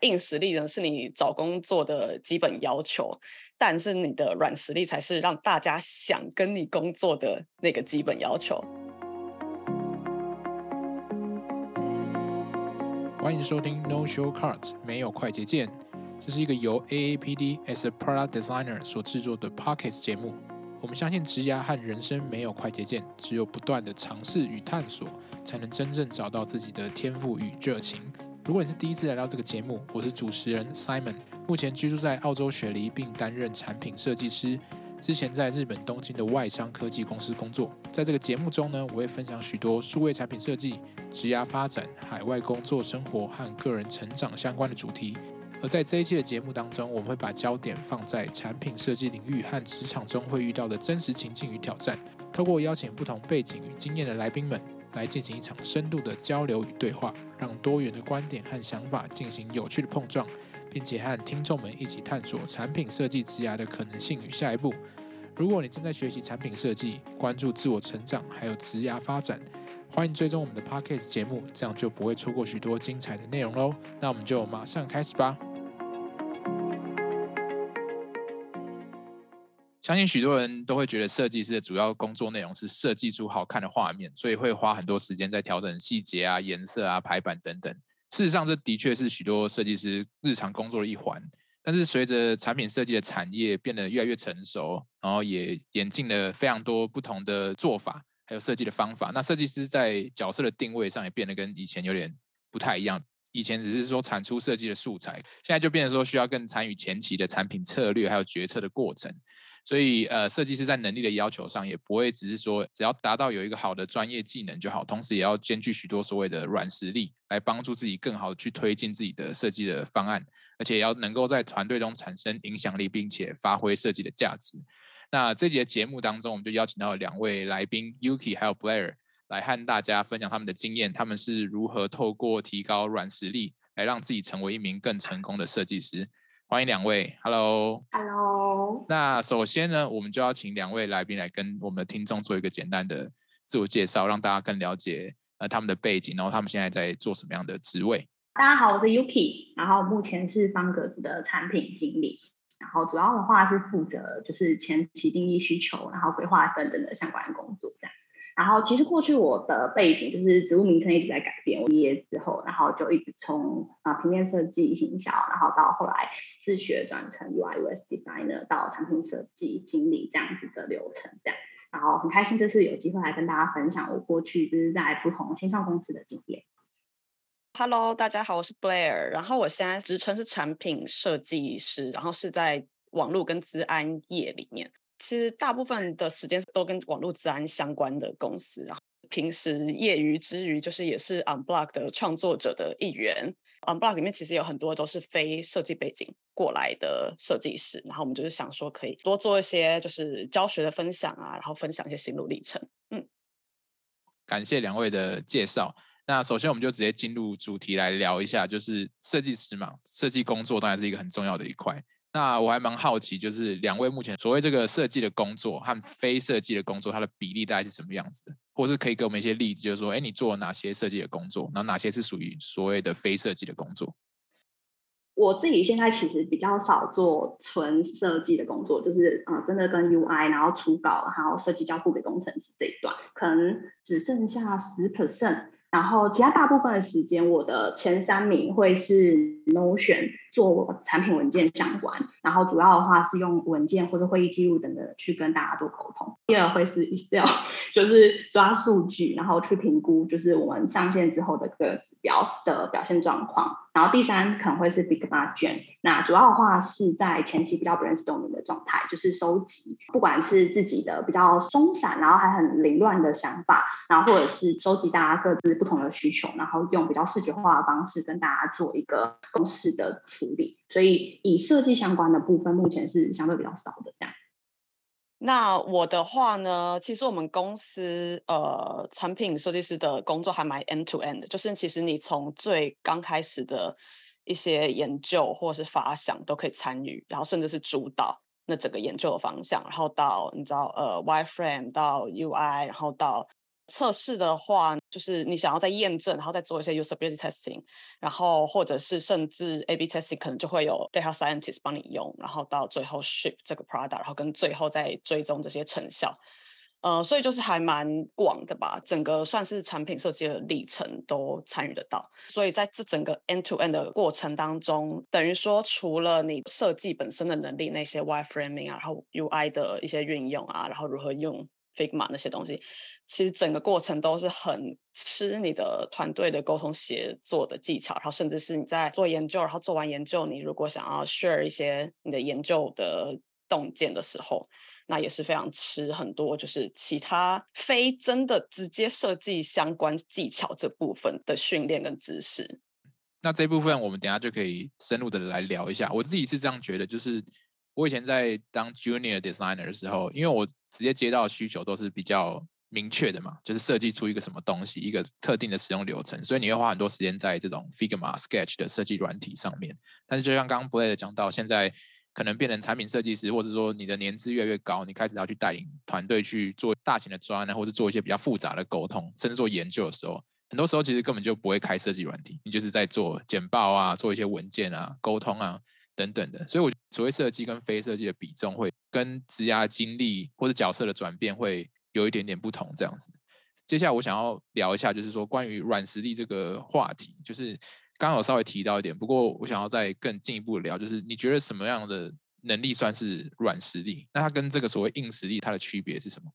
硬實力呢是你找工作的基本要求，但是你的軟實力才是讓大家想跟你工作的那個基本要求。歡迎收聽 No s h o c a r d t 沒有快捷鍵，這是一個由 A A P D As a p r o Designer u c t d 所制作的 p o c k e t 節目。我們相信，職涯和人生沒有快捷鍵，只有不斷的嘗試與探索，才能真正找到自己的天賦與熱情。如果你是第一次來到這個節目，我是主持人 Simon，目前居住在澳洲雪梨，並擔任產品設計師。之前在日本東京的外商科技公司工作。在這個節目中呢，我會分享許多數位產品設計、職涯發展、海外工作生活和個人成長相關的主題。而在這一期的節目當中，我們會把焦點放在產品設計領域和職場中會遇到的真實情境與挑戰。透過邀請不同背景與經驗的來賓們。來進行一場深度的交流與對話，讓多元的觀點和想法進行有趣的碰撞，並且和聽眾們一起探索產品設計職涯的可能性與下一步。如果你正在學習產品設計，關注自我成長，還有職涯發展，歡迎追蹤我們的 Podcast 節目，這樣就不會錯過許多精彩的內容嘍。那我們就馬上開始吧。相信許多人都會覺得，設計師的主要工作內容是設計出好看的畫面，所以會花很多時間在調整細節啊、顏色啊、排版等等。事實上，這的確是許多設計師日常工作的一環。但是，隨着產品設計的產業變得越來越成熟，然後也演進了非常多不同的做法，還有設計的方法。那設計師在角色的定位上也變得跟以前有點不太一樣。以前只是說產出設計的素材，現在就變成說需要更參與前期的產品策略還有決策的過程。所以，呃，設計師在能力的要求上，也不會只是說只要達到有一個好的專業技能就好，同時也要兼具許多所謂的軟實力，來幫助自己更好去推進自己的設計的方案，而且也要能夠在團隊中產生影響力，並且發揮設計的價值。那這節節目當中，我們就邀請到了兩位來賓，Yuki 還有 Blair。來和大家分享他們的經驗，他們是如何透過提高軟實力來讓自己成為一名更成功的設計師。歡迎兩位，Hello，Hello。Hello Hello 那首先呢，我們就要請兩位來賓來跟我們的聽眾做一個簡單的自我介紹，讓大家更了解呃他們的背景，然後他們現在在做什麼樣的職位。大家好，我是 Yuki，然後目前是方格子的產品經理，然後主要的話是負責就是前期定義需求，然後規劃等等的相關工作這樣。然後其實過去我的背景就是職務名稱一直在改變，我畢業之後，然後就一直從啊、呃、平面設計、行銷，然後到後來自學轉成 UI/UX designer，到產品設計經理這樣子的流程，這樣。然後很開心這次有機會來跟大家分享我過去就是在不同線上公司的經驗。Hello，大家好，我是 Blair，然後我現在職稱是產品設計師，然後是在網絡跟資安業裡面。其實大部分的時間都跟網絡資安相關的公司，然後平時業餘之餘就是也是 Unblock 的創作者的一員。Unblock 裡面其實有很多都是非設計背景過來的設計師，然後我們就是想說可以多做一些就是教學的分享啊，然後分享一些心路歷程。嗯，感謝兩位的介紹。那首先我們就直接進入主題來聊一下，就是設計師嘛，設計工作當然是一個很重要的一塊。那我還蠻好奇，就是兩位目前所謂這個設計的工作和非設計的工作，它的比例大概是什麼樣子的？或是可以給我們一些例子，就是說，誒，你做哪些設計的工作，然後哪些是屬於所謂的非設計的工作？我自己現在其實比較少做純設計的工作，就是、嗯、真的跟 UI，然後初稿，然後設計交付給工程師這一段，可能只剩下十 percent。然後其他大部分的時間，我的前三名會是 Notion 做產品文件相關，然後主要的話是用文件或者會議記錄等等的去跟大家做溝通。第二會是 Excel，就是抓數據，然後去評估，就是我們上線之後的各個指標的表現狀況。然後第三可能會是 FigJam，那主要的話是在前期比較 brainstorming 的狀態，就是收集，不管是自己的比較鬆散、然後還很凌亂的想法，然後或者是收集大家各自不同的需求，然後用比較視覺化的方式跟大家做一個共識的處理。所以以設計相關的部分，目前是相對比較少的這樣。那我的話呢？其實我們公司呃，產品設計師的工作還蠻 end to end 的，就是其實你從最剛開始的一些研究或是發想都可以參與，然後甚至是主導那整個研究的方向，然後到你知道呃，wireframe 到 UI，然後到。測試的話，就是你想要再驗證，然後再做一些 usability testing，然後或者是甚至 A/B testing，可能就會有 data scientist 幫你用，然後到最後 ship 這個 product，然後跟最後再追蹤這些成效。呃，所以就是還蠻廣的吧，整個算是產品設計的歷程都參與得到。所以在這整個 end to end 的過程當中，等於說除了你設計本身的能力，那些 wireframing 啊，然後 UI 的一些運用啊，然後如何用。那些東西，其實整個過程都是很吃你的團隊的溝通協作的技巧，然後甚至是你在做研究，然後做完研究，你如果想要 share 一些你的研究的洞見的時候，那也是非常吃很多就是其他非真的直接設計相關技巧這部分的訓練跟知識。那這一部分我們等下就可以深入的來聊一下。我自己是這樣覺得，就是。我以前在當 junior designer 的時候，因為我直接接到的需求都是比較明確的嘛，就是設計出一個什麼東西，一個特定的使用流程，所以你會花很多時間在這種 Figma, Sketch 的設計軟體上面。但是就像剛剛 Blair 講到，現在可能變成產品設計師，或者說你的年資越來越高，你開始要去帶領團隊去做大型的專案，或是做一些比較複雜的溝通，甚至做研究的時候，很多時候其實根本就不會開設計軟體，你就是在做簡報啊，做一些文件啊，溝通啊。等等的，所以，我所謂設計跟非設計的比重，會跟職涯經歷或者角色的轉變，會有一點點不同這樣子。接下來，我想要聊一下，就是說關於軟實力這個話題，就是剛剛有稍微提到一點，不過我想要再更進一步聊，就是你覺得什麼樣的能力算是軟實力？那它跟這個所謂硬實力，它的區別是什麼？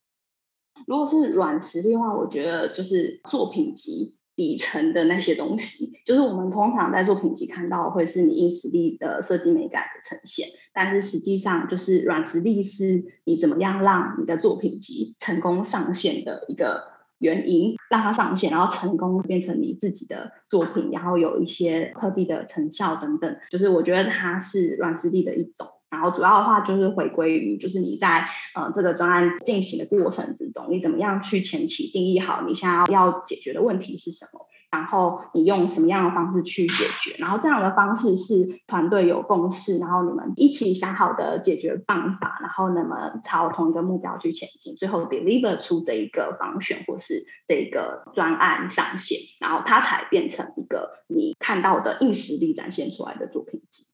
如果是軟實力的話，我覺得就是作品集。底層的那些東西，就是我們通常在作品集看到會是你硬實力的設計美感的呈現，但是實際上就是軟實力，是你怎麼樣讓你的作品集成功上線的一個原因，讓它上線，然後成功變成你自己的作品，然後有一些特地的成效等等，就是我覺得它是軟實力的一種。然後主要的話就是回歸於，就是你在呃這個專案進行的過程之中，你怎麼樣去前期定義好你想要要解決的問題是什麼，然後你用什麼樣的方式去解決，然後這樣的方式是團隊有共識，然後你們一起想好的解決辦法，然後那麼朝同一個目標去前進，最後 deliver 出這一個方案，或是這一個專案上線，然後它才變成一個你看到的硬實力展現出來的作品集。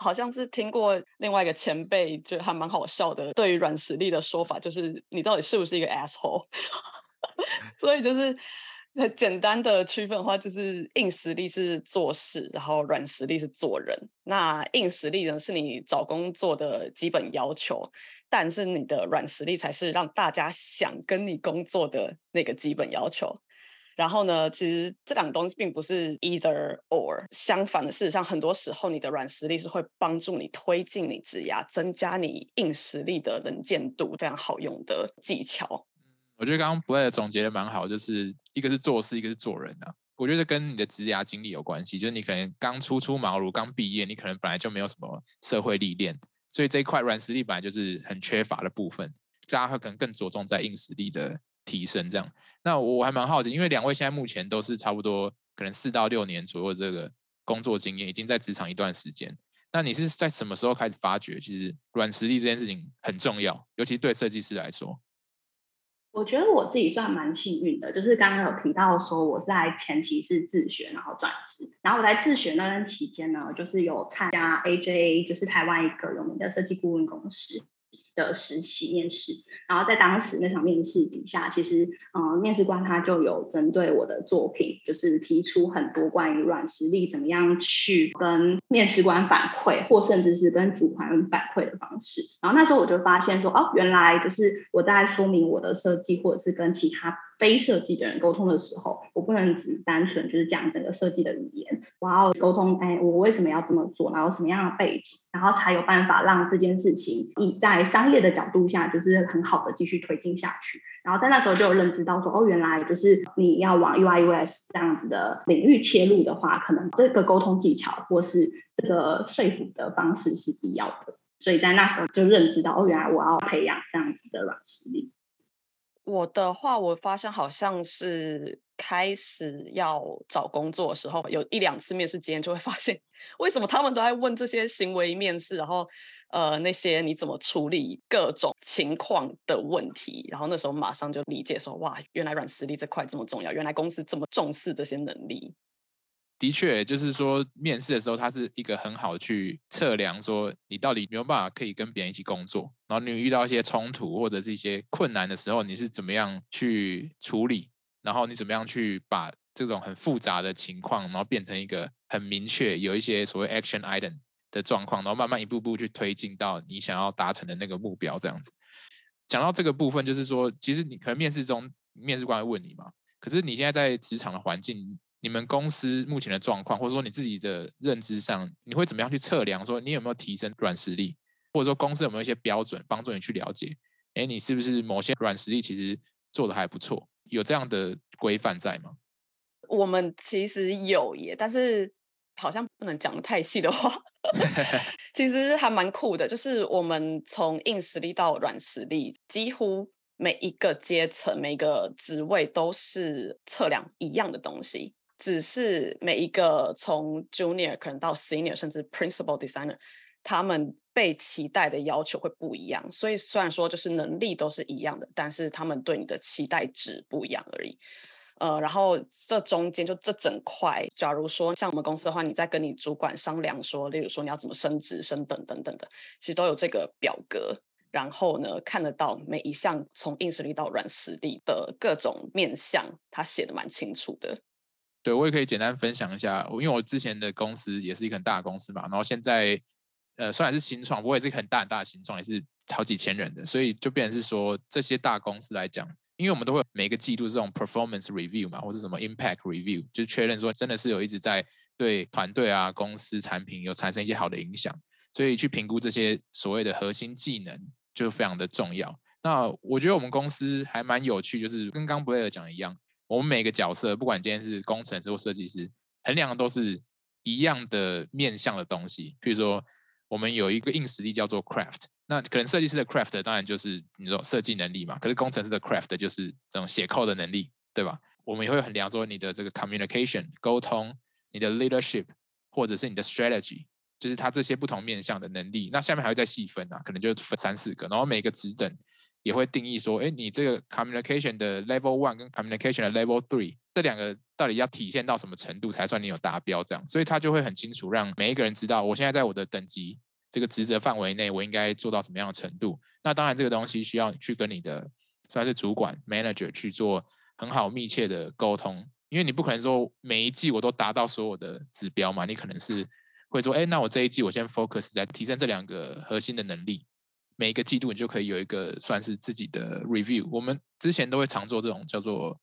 好像是聽過另外一個前輩，就還蠻好笑的。對於軟實力的說法，就是你到底是不是一個 asshole。 所以就是很簡單的區分的話，就是硬實力是做事，然後軟實力是做人。那硬實力呢，是你找工作的基本要求，但是你的軟實力才是讓大家想跟你工作的那個基本要求。然後呢，其實這兩個東西並不是 either or，相反的，事實上很多時候你的軟實力是會幫助你推進你職涯，增加你硬實力的能見度，非常好用的技巧。嗯，我覺得剛剛 Blair 總結的蠻好，就是一個是做事，一個是做人啊，我覺得跟你的職涯經歷有關係，就是你可能剛初出茅廬、剛畢業，你可能本來就沒有什麼社會歷練，所以這一塊軟實力本來就是很缺乏的部分，大家會可能更着重在硬實力的。提升這樣，那我還蠻好奇，因為兩位現在目前都是差不多可能四到六年左右的這個工作經驗，已經在職場一段時間。那你是在什麼時候開始發覺，其實軟實力這件事情很重要，尤其對設計師來說？我覺得我自己算蠻幸運的，就是剛剛有提到說，我在前期是自學，然後轉職，然後我在自學那段期間呢，就是有參加 AJA，就是台灣一個有名的設計顧問公司。的實習面試，然後在當時那場面試底下，其實嗯、呃，面試官他就有針對我的作品，就是提出很多關於軟實力怎麼樣去跟面試官反饋，或甚至是跟主管反饋的方式。然後那時候我就發現說，哦，原來就是我在說明我的設計，或者是跟其他非設計的人溝通的時候，我不能只單純就是講整個設計的語言。我要溝通，哎、欸，我為什麼要這麼做？然後什麼樣的背景？然後才有辦法讓這件事情以在商業的角度下，就是很好的繼續推進下去。然後在那時候就認知到說，哦，原來就是你要往 UI/UX 這樣子的領域切入的話，可能這個溝通技巧或是這個說服的方式是必要的。所以在那時候就認知到，哦，原來我要培養這樣子的軟實力。我的話，我發現好像是開始要找工作的時候，有一兩次面試間就會發現，為什麼他們都在問這些行為面試，然後，呃，那些你怎麼處理各種情況的問題，然後那時候馬上就理解說，哇，原來軟實力這塊這麼重要，原來公司這麼重視這些能力。的確，就是說面試的時候，它是一個很好去測量，說你到底有沒有辦法可以跟別人一起工作，然後你遇到一些衝突或者是一些困難的時候，你是怎麼樣去處理，然後你怎麼樣去把這種很複雜的情況，然後變成一個很明確有一些所謂 action item 的狀況，然後慢慢一步步去推進到你想要達成的那個目標。這樣子講到這個部分，就是說其實你可能面試中面試官會問你嘛，可是你現在在職場的環境。你們公司目前的狀況，或者說你自己的認知上，你會怎麼樣去測量？說你有沒有提升軟實力，或者說公司有沒有一些標準幫助你去了解？哎，你是不是某些軟實力其實做的還不錯？有這樣的規範在嗎？我們其實有耶，但是好像不能講得太細的話，其實還蠻酷的。就是我們從硬實力到軟實力，幾乎每一個階層、每一個職位都是測量一樣的東西。只是每一個從 junior 可能到 senior，甚至 principal designer，他們被期待的要求會不一樣。所以雖然說就是能力都是一樣的，但是他們對你的期待值不一樣而已。呃，然後這中間就這整塊，假如說像我們公司的話，你在跟你主管商量說，例如說你要怎麼升職、升等等等等的，其實都有這個表格，然後呢，看得到每一項從硬實力到軟實力的各種面向，他寫的蠻清楚的。對，我也可以簡單分享一下，因為我之前的公司也是一個很大的公司嘛，然後現在呃雖然是新創，不過也是一個很大很大的新創，也是好幾千人的，所以就變成是說，這些大公司來講，因為我們都會每個季度這種 performance review 嘛，或是什麼 impact review，就確認說真的是有一直在對團隊啊、公司產品有產生一些好的影響，所以去評估這些所謂的核心技能就非常的重要。那我覺得我們公司還蠻有趣，就是跟剛 Blair 講的一樣。我們每個角色，不管今天是工程師或設計師，衡量的都是一樣的面向的東西。比如說，我們有一個硬實力叫做 craft，那可能設計師的 craft 當然就是你說設計能力嘛，可是工程師的 craft 就是這種寫扣的能力，對吧？我們也會衡量說你的這個 communication 溝通，你的 leadership 或者是你的 strategy，就是他這些不同面向的能力。那下面還會再細分啊，可能就分三四個，然後每一個職等。也會定義說，哎，你這個 communication 的 level one 跟 communication 的 level three 這兩個到底要體現到什麼程度才算你有達標這樣，所以他就會很清楚，讓每一個人知道，我現在在我的等級這個職責範圍內，我應該做到什麼樣的程度。那當然，這個東西需要去跟你的算是主管 manager 去做很好密切的溝通，因為你不可能說每一季我都達到所有的指標嘛，你可能是會說，哎，那我這一季我先 focus 在提升這兩個核心的能力。每一個季度你就可以有一個算是自己的 review。我們之前都會常做這種叫做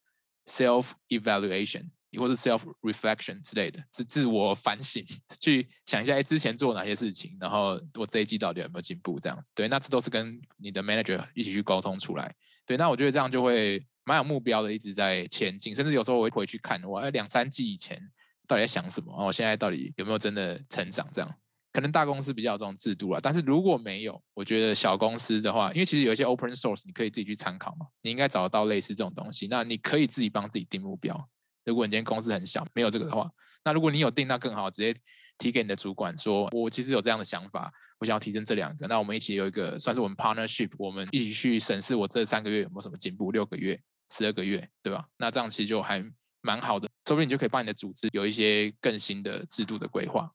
self evaluation 或者 self reflection 之類的，是自我反省，去想一下，欸，之前做哪些事情，然後我這一季到底有沒有進步，這樣子。對，那這都是跟你的 manager 一起去溝通出來。對，那我覺得這樣就會蠻有目標的，一直在前進。甚至有時候我會回去看，我，兩三季以前到底在想什麼，我現在到底有沒有真的成長，這樣。可能大公司比較有這種制度啦，但是如果沒有，我覺得小公司的話，因為其實有一些 open source，你可以自己去參考嘛，你應該找得到類似這種東西。那你可以自己幫自己定目標。如果你今天公司很小，沒有這個的話，那如果你有定，那更好，直接提給你的主管說，我其實有這樣的想法，我想要提升這兩個，那我們一起有一個算是我們 partnership，我們一起去審視我這三個月有沒有什麼進步，六個月、十二個月，對吧？那這樣其實就還蠻好的，說不定你就可以幫你的組織有一些更新的制度的規劃。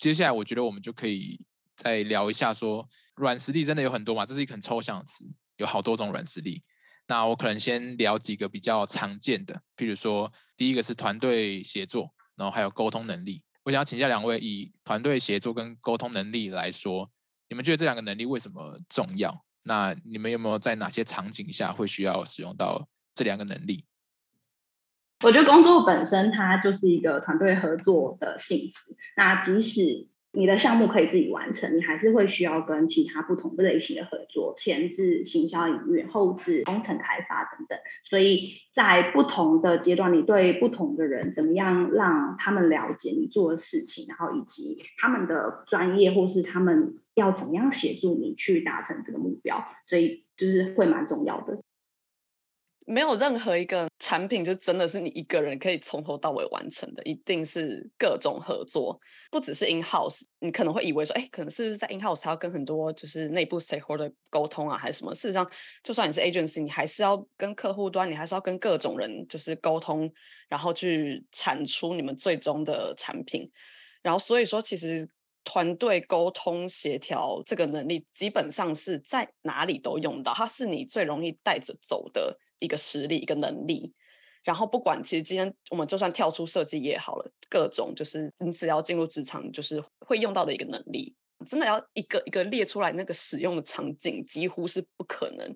接下來，我覺得我們就可以再聊一下說，說軟實力真的有很多嘛？這是一個很抽象的詞，有好多種軟實力。那我可能先聊幾個比較常見的，譬如說，第一個是團隊協作，然後還有溝通能力。我想要請教兩位，以團隊協作跟溝通能力來說，你們覺得這兩個能力為什麼重要？那你們有沒有在哪些場景下會需要使用到這兩個能力？我覺得工作本身它就是一個團隊合作的性質。那即使你的項目可以自己完成，你還是會需要跟其他不同的類型的合作，前置行銷營運，後置工程開發等等。所以在不同的階段，你對不同的人怎麼樣讓他們了解你做的事情，然後以及他們的專業或是他們要怎麼樣協助你去達成這個目標，所以就是會蠻重要的。沒有任何一個產品就真的是你一個人可以從頭到尾完成的，一定是各種合作，不只是 in house。你可能會以為說，哎，可能是不是在 in house 還要跟很多就是內部 stakeholder 溝通啊，還是什麼？事實上，就算你是 agency，你還是要跟客戶端，你還是要跟各種人就是溝通，然後去產出你們最終的產品。然後所以說，其實。團隊溝通協調這個能力，基本上是在哪裡都用到，它是你最容易帶着走的一個實力、一個能力。然後不管其實今天我們就算跳出設計也好了，各種就是你只要進入職場，就是會用到的一個能力。真的要一個一個列出來那個使用的場景，幾乎是不可能，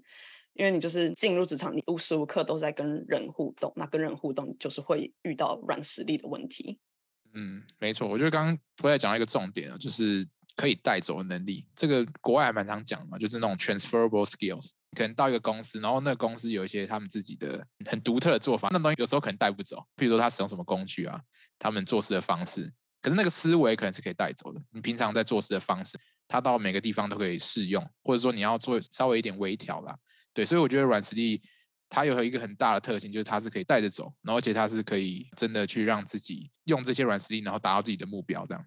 因為你就是進入職場，你無時無刻都在跟人互動，那跟人互動就是會遇到軟實力的問題。嗯，沒錯，我覺得剛剛我再講一個重點啊，就是可以帶走的能力。這個國外還蠻常講嘛，就是那種 transferable skills，可能到一個公司，然後那個公司有一些他們自己的很獨特的做法，那個、東西有時候可能帶不走，譬如說他使用什麼工具啊，他們做事的方式，可是那個思維可能是可以帶走的。你平常在做事的方式，他到每個地方都可以適用，或者說你要做稍微一點微調啦。對，所以我覺得軟實力，它有一個很大的特性，就是它是可以帶着走，然後而且它是可以真的去讓自己用這些軟實力，然後達到自己的目標這樣。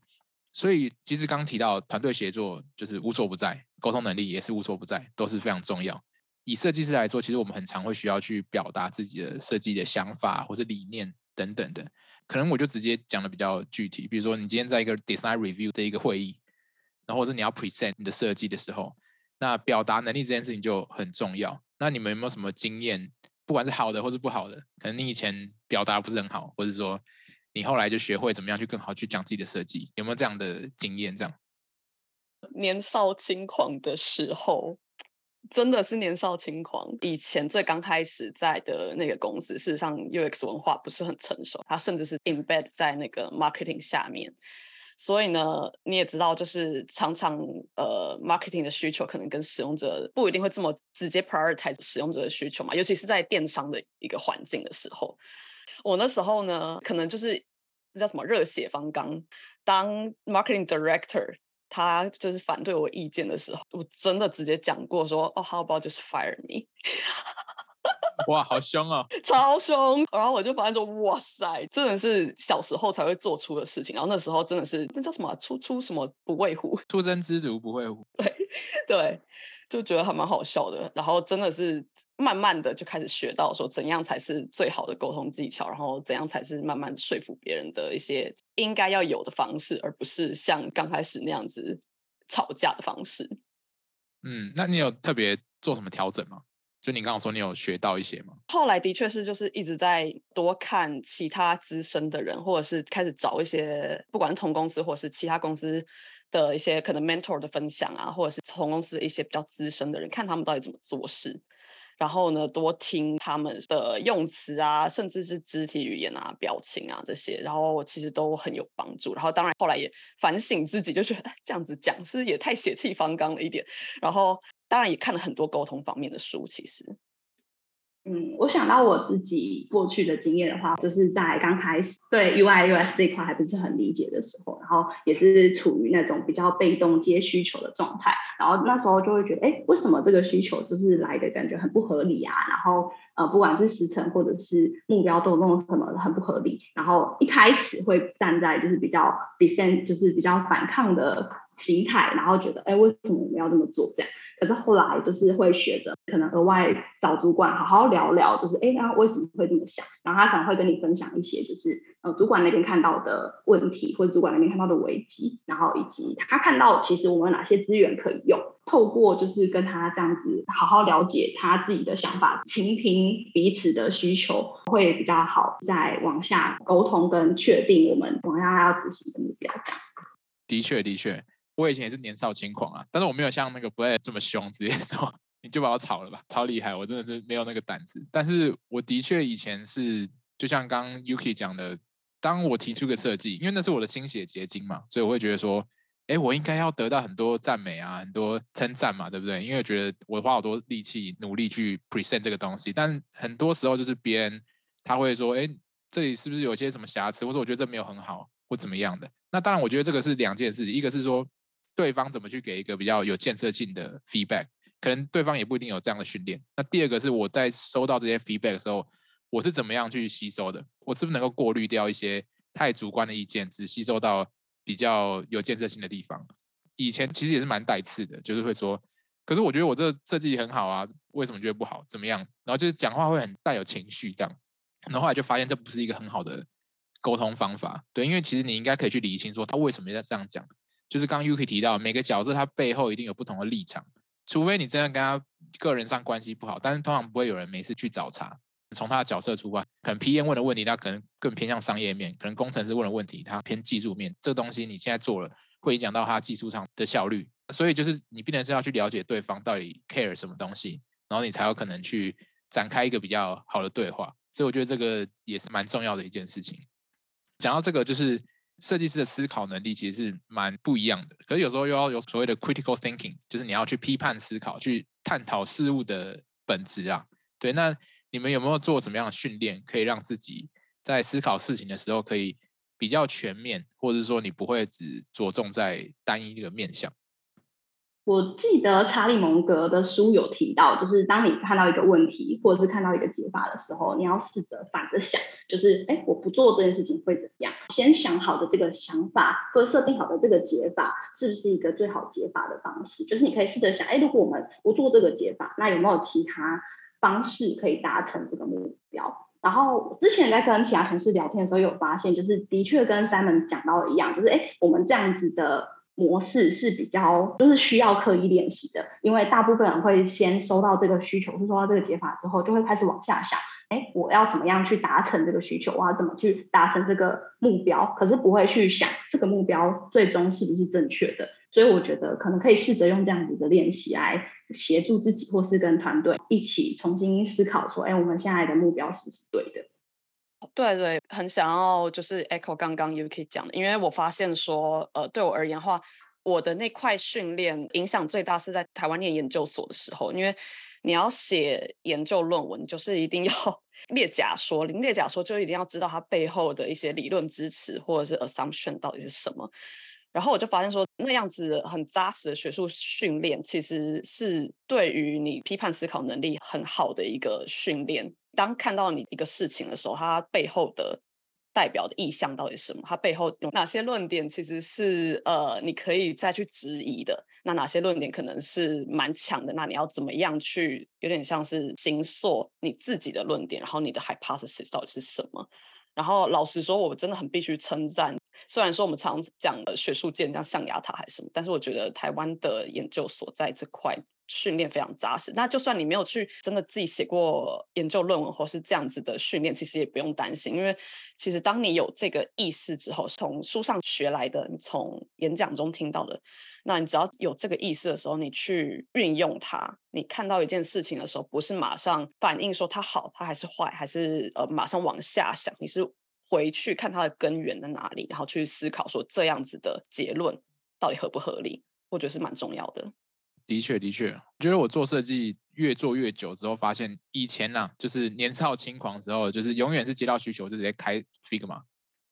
所以其實剛剛提到的團隊協作就是無所不在，溝通能力也是無所不在，都是非常重要。以設計師來說，其實我們很常會需要去表達自己的設計的想法或是理念等等的。可能我就直接講的比較具體，比如說你今天在一個 design review 的一個會議，然後是你要 present 你的設計的時候，那表達能力這件事情就很重要。那你們有沒有什麼經驗，不管是好的或是不好的？可能你以前表達不是很好，或是說，你後來就學會怎麼樣去更好去講自己的設計，有沒有這樣的經驗？這樣年少輕狂的時候，真的是年少輕狂。以前最剛開始在的那個公司，事實上 UX 文化不是很成熟，它甚至是 embed 在那個 marketing 下面。所以呢，你也知道，就是常常呃，marketing 的需求可能跟使用者不一定會這麼直接 prioritize 使用者的需求嘛，尤其是在電商的一個環境的時候。我那時候呢，可能就是這叫什麼熱血方剛，當 marketing director，他就是反對我意見的時候，我真的直接講過說，哦、oh，How about just fire me？ 哇，好凶哦，超兇！然後我就發現說，哇塞，真的是小時候才會做出的事情。然後那時候真的是那叫什麼、啊、出出什麼不畏虎，初生之犢不畏虎。對對，就覺得還蠻好笑的。然後真的是慢慢的就開始學到說，怎樣才是最好的溝通技巧，然後怎樣才是慢慢說服別人的一些應該要有的方式，而不是像剛開始那樣子吵架的方式。嗯，那你有特別做什麼調整嗎？就你剛剛說，你有學到一些嗎？後來的確是，就是一直在多看其他資深的人，或者是開始找一些，不管是同公司或是其他公司的一些可能 mentor 的分享啊，或者是同公司的一些比較資深的人，看他們到底怎麼做事，然後呢，多聽他們的用詞啊，甚至是肢體語言啊、表情啊這些，然後其實都很有幫助。然後當然，後來也反省自己，就覺得這樣子講是也太血氣方剛了一點，然後。當然也看了很多溝通方面的書，其實，嗯，我想到我自己過去的經驗的話，就是在剛開始對 UI UX 這一塊還不是很理解的時候，然後也是處於那種比較被動接需求的狀態，然後那時候就會覺得，哎，為什麼這個需求就是來的感覺很不合理啊？然後呃，不管是時程或者是目標都弄什麼很不合理，然後一開始會站在就是比較 defend，就是比較反抗的。形態，然後覺得，欸，為什麼我們要這麼做？這樣，可是後來就是會學着，可能額外找主管好好聊聊，就是，欸，那他為什麼會這麼想？然後他可能會跟你分享一些，就是，呃，主管那邊看到的問題，或者主管那邊看到的危機，然後以及他看到其實我們有哪些資源可以用。透過就是跟他這樣子好好了解他自己的想法，傾聽彼此的需求，會比較好，再往下溝通跟確定我們往下要執行的目標。這樣，的確，的確。我以前也是年少輕狂啊，但是我沒有像那個 Blair 這麼兇，直接說你就把我炒了吧，超厲害，我真的是沒有那個膽子。但是我的確以前是，就像剛剛 Yuki 講的，當我提出個設計，因為那是我的心血結晶嘛，所以我會覺得說，哎，我應該要得到很多讚美啊，很多稱讚嘛，對不對？因為我覺得我花好多力氣、努力去 present 這個東西，但很多時候就是別人他會說，哎，這裡是不是有些什麼瑕疵，或者我覺得這沒有很好，或怎麼樣的？那當然，我覺得這個是兩件事情，一個是說。對方怎麼去給一個比較有建設性的 feedback？可能對方也不一定有這樣的訓練。那第二個是我在收到這些 feedback 的時候，我是怎麼樣去吸收的？我是不是能夠過濾掉一些太主觀的意見，只吸收到比較有建設性的地方？以前其實也是蠻帶刺的，就是會說：“可是我覺得我這設計很好啊，為什麼覺得不好？怎麼樣？”然後就是講話會很帶有情緒，這樣。然後，後來就發現這不是一個很好的溝通方法。對，因為其實你應該可以去理清，說他為什麼要這樣講。就是剛剛 Yuki 提到的，每個角色他背後一定有不同的立場，除非你真的跟他個人上關係不好，但是通常不會有人沒事去找茬。從他的角色出發，可能 PM 問的問題，他可能更偏向商業面，可能工程師問的問題，他偏技術面。這東西你現在做了，會影響到他技術上的效率。所以就是你必然是要去了解對方到底 care 什麼東西，然後你才有可能去展開一個比較好的對話。所以我覺得這個也是蠻重要的一件事情。講到這個，就是。設計師的思考能力其實是蠻不一樣的，可是有時候又要有所謂的 critical thinking，就是你要去批判思考，去探討事物的本質啊。對，那你們有沒有做什麼樣的訓練，可以讓自己在思考事情的時候，可以比較全面，或者說你不會只着重在單一個面向？我記得查理蒙格的書有提到，就是當你看到一個問題，或者是看到一個解法的時候，你要試着反着想，就是哎、欸，我不做這件事情會怎樣？先想好的這個想法或設定好的這個解法，是不是一個最好解法的方式？就是你可以試着想，哎、欸，如果我們不做這個解法，那有沒有其他方式可以達成這個目標？然後之前在跟其他同事聊天的時候，有發現，就是的確跟 Simon 講到一樣，就是哎、欸，我們這樣子的。模式是比較，就是需要刻意練習的，因為大部分人會先收到這個需求，是收到這個解法之後，就會開始往下想，哎、欸，我要怎麼樣去達成這個需求、啊，我要怎麼去達成這個目標，可是不會去想這個目標最終是不是正確的，所以我覺得可能可以試着用這樣子的練習來協助自己，或是跟團隊一起重新思考，說，哎、欸，我們現在的目標是不是對的。對對，很想要就是 echo 剛剛 Yuki 講的，因為我發現說，呃，對我而言的話，我的那塊訓練影響最大是在台灣念研究所的時候，因為你要寫研究論文，就是一定要列假說，列假說就一定要知道它背後的一些理論支持或者是 assumption 到底是什麼。然後我就發現說，那樣子很扎實的學術訓練，其實是對於你批判思考能力很好的一個訓練。當看到你一個事情的時候，它背後的代表的意象到底是什麼？它背後有哪些論點？其實是呃，你可以再去質疑的。那哪些論點可能是蠻強的？那你要怎麼樣去？有點像是形塑你自己的論點，然後你的 hypothesis 到底是什麼？然後老實說，我真的很必須稱讚。雖然說我們常常講的學術界像象牙塔還是什麼，但是我覺得台灣的研究所在這塊，訓練非常扎實，那就算你沒有去真的自己寫過研究論文或是這樣子的訓練，其實也不用擔心，因為其實當你有這個意識之後，從書上學來的，你從演講中聽到的，那你只要有這個意識的時候，你去運用它，你看到一件事情的時候，不是馬上反應說它好，它還是壞，還是呃馬上往下想，你是回去看它的根源在哪裡，然後去思考說這樣子的結論到底合不合理，我覺得是蠻重要的。的確，的確，我覺得我做設計越做越久之後，發現以前呢、啊，就是年少輕狂之後，就是永遠是接到需求就直接開 Figma、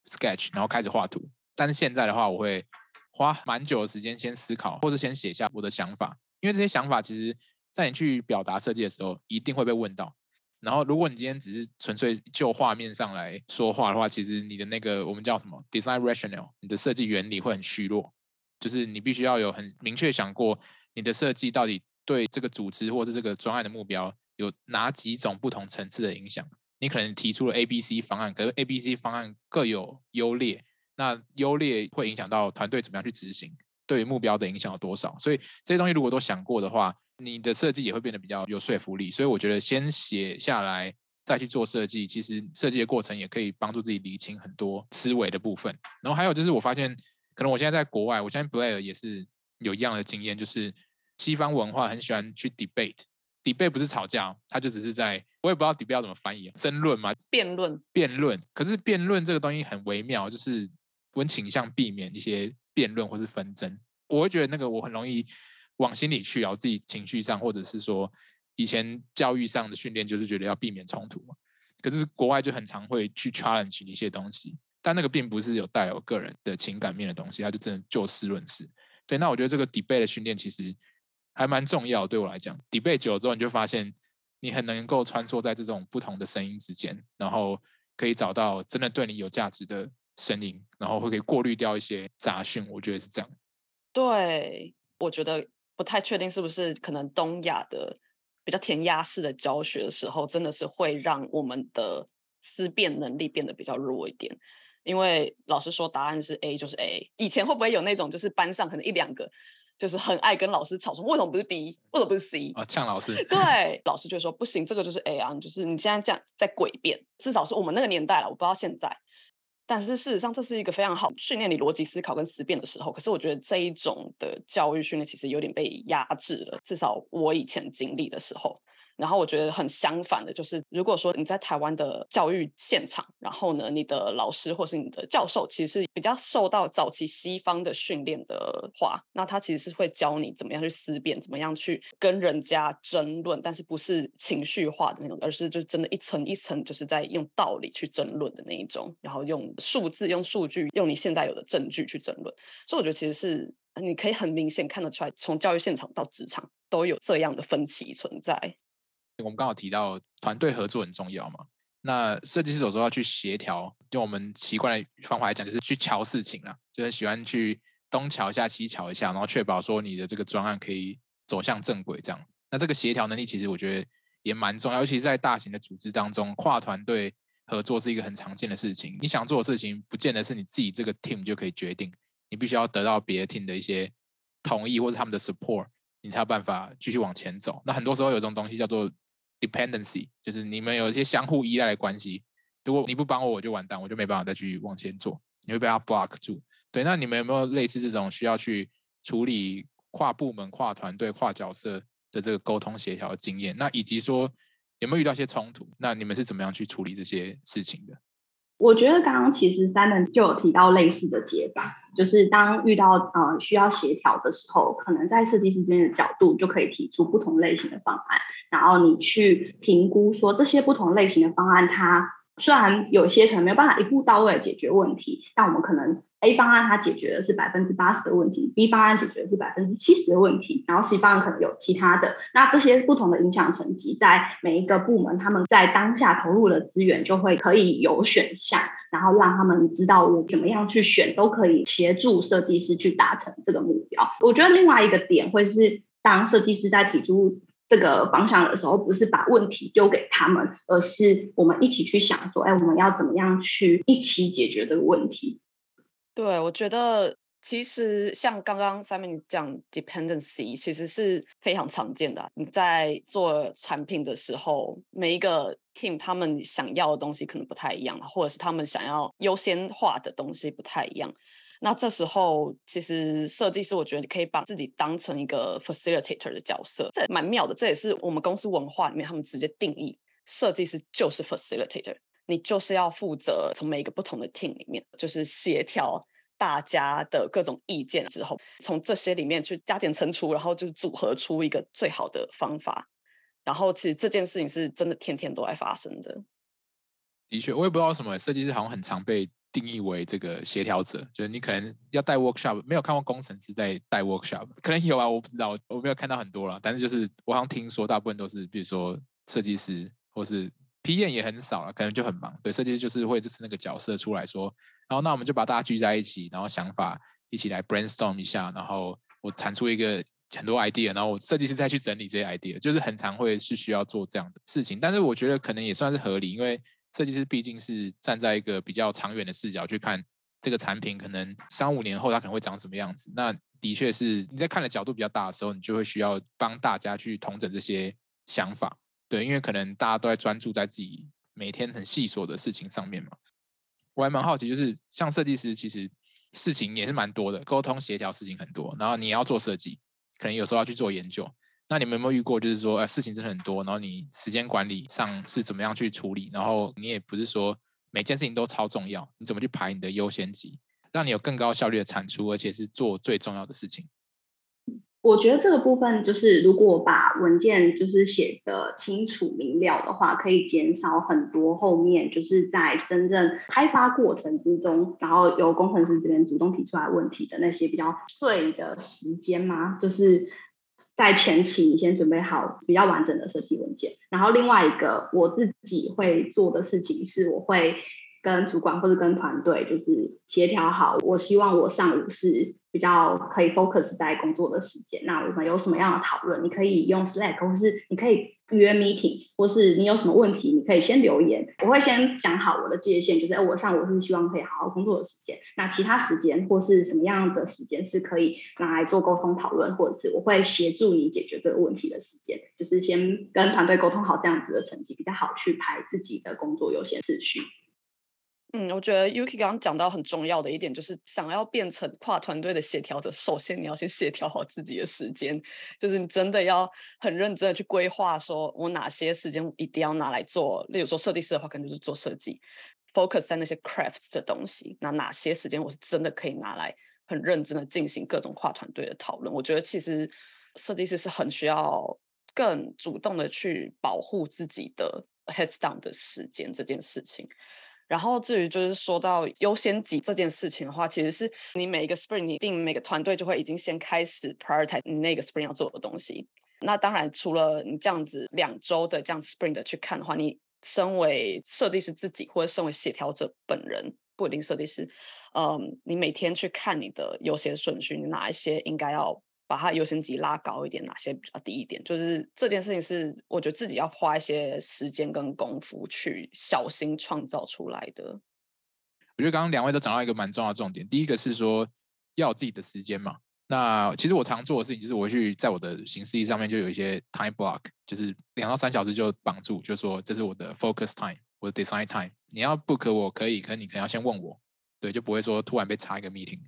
Sketch，然後開始畫圖。但是現在的話，我會花蠻久的時間先思考，或是先寫下我的想法，因為這些想法其實，在你去表達設計的時候，一定會被問到。然後，如果你今天只是純粹就畫面上來說話的話，其實你的那個我們叫什麼 design rationale，你的設計原理會很虛弱，就是你必須要有很明確想過。你的設計到底對這個組織或者這個專案的目標有哪幾種不同層次的影響？你可能提出了 A、B、C 方案，可是 A、B、C 方案各有優劣，那優劣會影響到團隊怎麼樣去執行，對於目標的影響有多少？所以這些東西如果都想過的話，你的設計也會變得比較有說服力。所以我覺得先寫下來再去做設計，其實設計的過程也可以幫助自己理清很多思維的部分。然後還有就是我發現，可能我現在在國外，我現在 Blair 也是。有一樣的經驗，就是西方文化很喜歡去 debate。debate 不是吵架，他就只是在，我也不知道 debate 要怎麼翻譯，爭論嘛，辯論，辯論。可是辯論這個東西很微妙，就是我傾向避免一些辯論或是紛爭。我會覺得那個我很容易往心裡去啊，自己情緒上，或者是說以前教育上的訓練，就是覺得要避免衝突嘛。可是國外就很常會去 challenge 一些東西，但那個並不是有帶有個人的情感面的東西，他就真的就事論事。對，那我覺得這個 debate 的訓練其實還蠻重要。對我來講，debate 久了之後，你就發現你很能夠穿梭在這種不同的聲音之間，然後可以找到真的對你有價值的聲音，然後會可以過濾掉一些雜訊。我覺得是這樣。對，我覺得不太確定是不是可能東亞的比較填鴨式的教學的時候，真的是會讓我們的思辨能力變得比較弱一點。因為老師說答案是 A，就是 A。以前會不會有那種，就是班上可能一兩個，就是很愛跟老師吵說，說為什麼不是 B，為什麼不是 C？啊，嗆老師。 對，老師就說不行，這個就是 A 啊，就是你現在這樣在詭辯。至少是我們那個年代了，我不知道現在。但是事實上，這是一個非常好的訓練你邏輯思考跟思辨的時候。可是我覺得這一種的教育訓練其實有點被壓制了，至少我以前經歷的時候。然後我覺得很相反的，就是如果說你在台灣的教育現場，然後呢，你的老師或是你的教授，其實是比較受到早期西方的訓練的話，那他其實是會教你怎麼樣去思辨，怎麼樣去跟人家爭論，但是不是情緒化的那種，而是就真的一層一層就是在用道理去爭論的那一種，然後用數字、用數據、用你現在有的證據去爭論。所以我覺得其實是你可以很明顯看得出來，從教育現場到職場都有這樣的分歧存在。我們剛好提到團隊合作很重要嘛，那設計師有時候要去協調，用我們習慣的方法來講，就是去敲事情啦，就是喜歡去東敲一下、西敲一下，然後確保說你的這個專案可以走向正軌。這樣，那這個協調能力其實我覺得也蠻重要，尤其是在大型的組織當中，跨團隊合作是一個很常見的事情。你想做的事情，不見得是你自己這個 team 就可以決定，你必須要得到別 team 的一些同意或者他們的 support，你才有辦法繼續往前走。那很多時候有一種東西叫做。Dependency 就是你們有一些相互依賴的關係，如果你不幫我，我就完蛋，我就沒辦法再去往前做，你會被他 block 住。對，那你們有沒有類似這種需要去處理跨部門、跨團隊、跨角色的這個溝通協調的經驗？那以及說有沒有遇到一些衝突？那你們是怎麼樣去處理這些事情的？我覺得剛剛其實三人就有提到類似的解法，就是當遇到呃需要協調的時候，可能在設計師這邊的角度就可以提出不同類型的方案，然後你去評估說這些不同類型的方案，它雖然有些可能沒有辦法一步到位的解決問題，但我們可能，A 方案它解決的是百分之八十的問題，B 方案解決的是百分之七十的問題，然後 C 方案可能有其他的。那這些不同的影響層級，在每一個部門，他們在當下投入的資源就會可以有選項，然後讓他們知道我怎麼樣去選，都可以協助設計師去達成這個目標。我覺得另外一個點會是，當設計師在提出這個方向的時候，不是把問題丟給他們，而是我們一起去想說，欸，我們要怎麼樣去一起解決這個問題。對，我覺得其實像剛剛 Simon 講 dependency，其實是非常常見的啊。你在做產品的時候，每一個 team 他們想要的東西可能不太一樣，或者是他們想要優先化的東西不太一樣。那這時候，其實設計師我覺得你可以把自己當成一個 facilitator 的角色，這蠻妙的。這也是我們公司文化裡面他們直接定義，設計師就是 facilitator。你就是要負責從每一個不同的 team 裡面，就是協調大家的各種意見之後，從這些裡面去加減乘除，然後就組合出一個最好的方法。然後其實這件事情是真的天天都在發生的。的確，我也不知道什麼設計師好像很常被定義為這個協調者，就是你可能要帶 workshop，沒有看過工程師在帶 workshop，可能有啊，我不知道，我沒有看到很多啦。但是就是我好像聽說，大部分都是比如說設計師或是。體驗也很少了、啊，可能就很忙。對，設計師就是會就是那個角色出來說，然後那我們就把大家聚在一起，然後想法一起來 brainstorm 一下，然後我產出一個很多 idea，然後我設計師再去整理這些 idea，就是很常會是需要做這樣的事情。但是我覺得可能也算是合理，因為設計師畢竟是站在一個比較長遠的視角去看這個產品，可能三五年後它可能會長什麼樣子。那的確是你在看的角度比較大的時候，你就會需要幫大家去統整這些想法。對，因為可能大家都在專注在自己每天很細瑣的事情上面嘛。我還蠻好奇，就是像設計師，其實事情也是蠻多的，溝通協調事情很多，然後你要做設計，可能有時候要去做研究。那你們有沒有遇過，就是說呃，事情真的很多，然後你時間管理上是怎麼樣去處理？然後你也不是說每件事情都超重要，你怎麼去排你的優先級，讓你有更高效率的產出，而且是做最重要的事情？我覺得這個部分就是，如果把文件就是寫的清楚明了的話，可以減少很多後面就是在真正開發過程之中，然後由工程師這邊主動提出來問題的那些比較碎的時間嗎？就是在前期你先準備好比較完整的設計文件，然後另外一個我自己會做的事情是，我會。跟主管或者跟團隊就是協調好，我希望我上午是比較可以 focus 在工作的時間。那我們有什麼樣的討論，你可以用 Slack，或是你可以約 meeting，或是你有什麼問題，你可以先留言。我會先講好我的界限，就是、欸、我上午是希望可以好好工作的時間。那其他時間或是什麼樣的時間是可以拿來做溝通討論，或者是我會協助你解決這個問題的時間。就是先跟團隊溝通好這樣子的成績，比較好去排自己的工作優先次序。嗯，我覺得 Yuki 剛剛講到很重要的一點，就是想要變成跨團隊的協調者，首先你要先協調好自己的時間，就是你真的要很認真的去規劃，說我哪些時間一定要拿來做。例如說設計師的話，可能就是做設計，focus 在那些 crafts 的東西。那哪些時間我是真的可以拿來很認真的進行各種跨團隊的討論？我覺得其實設計師是很需要更主動的去保護自己的 heads down 的時間這件事情。然後至於就是說到優先級這件事情的話，其實是你每一個 sprint，你定每個團隊就會已經先開始 prioritize 你那個 sprint 要做的東西。那當然，除了你這樣子兩周的這樣 sprint 的去看的話，你身為設計師自己或者身為協調者本人，不一定設計師，嗯，你每天去看你的優先順序，哪一些應該要。把它優先級拉高一點，哪些比較低一點？就是這件事情是我覺得自己要花一些時間跟功夫去小心創造出來的。我覺得剛剛兩位都講到一個蠻重要的重點，第一個是說要有自己的時間嘛。那其實我常做的事情就是我會去在我的行事曆上面就有一些 time block，就是兩到三小時就綁住，就說這是我的 focus time，我的 design time。你要 book 我可以，可是你可能要先問我，對，就不會說突然被插一個 meeting。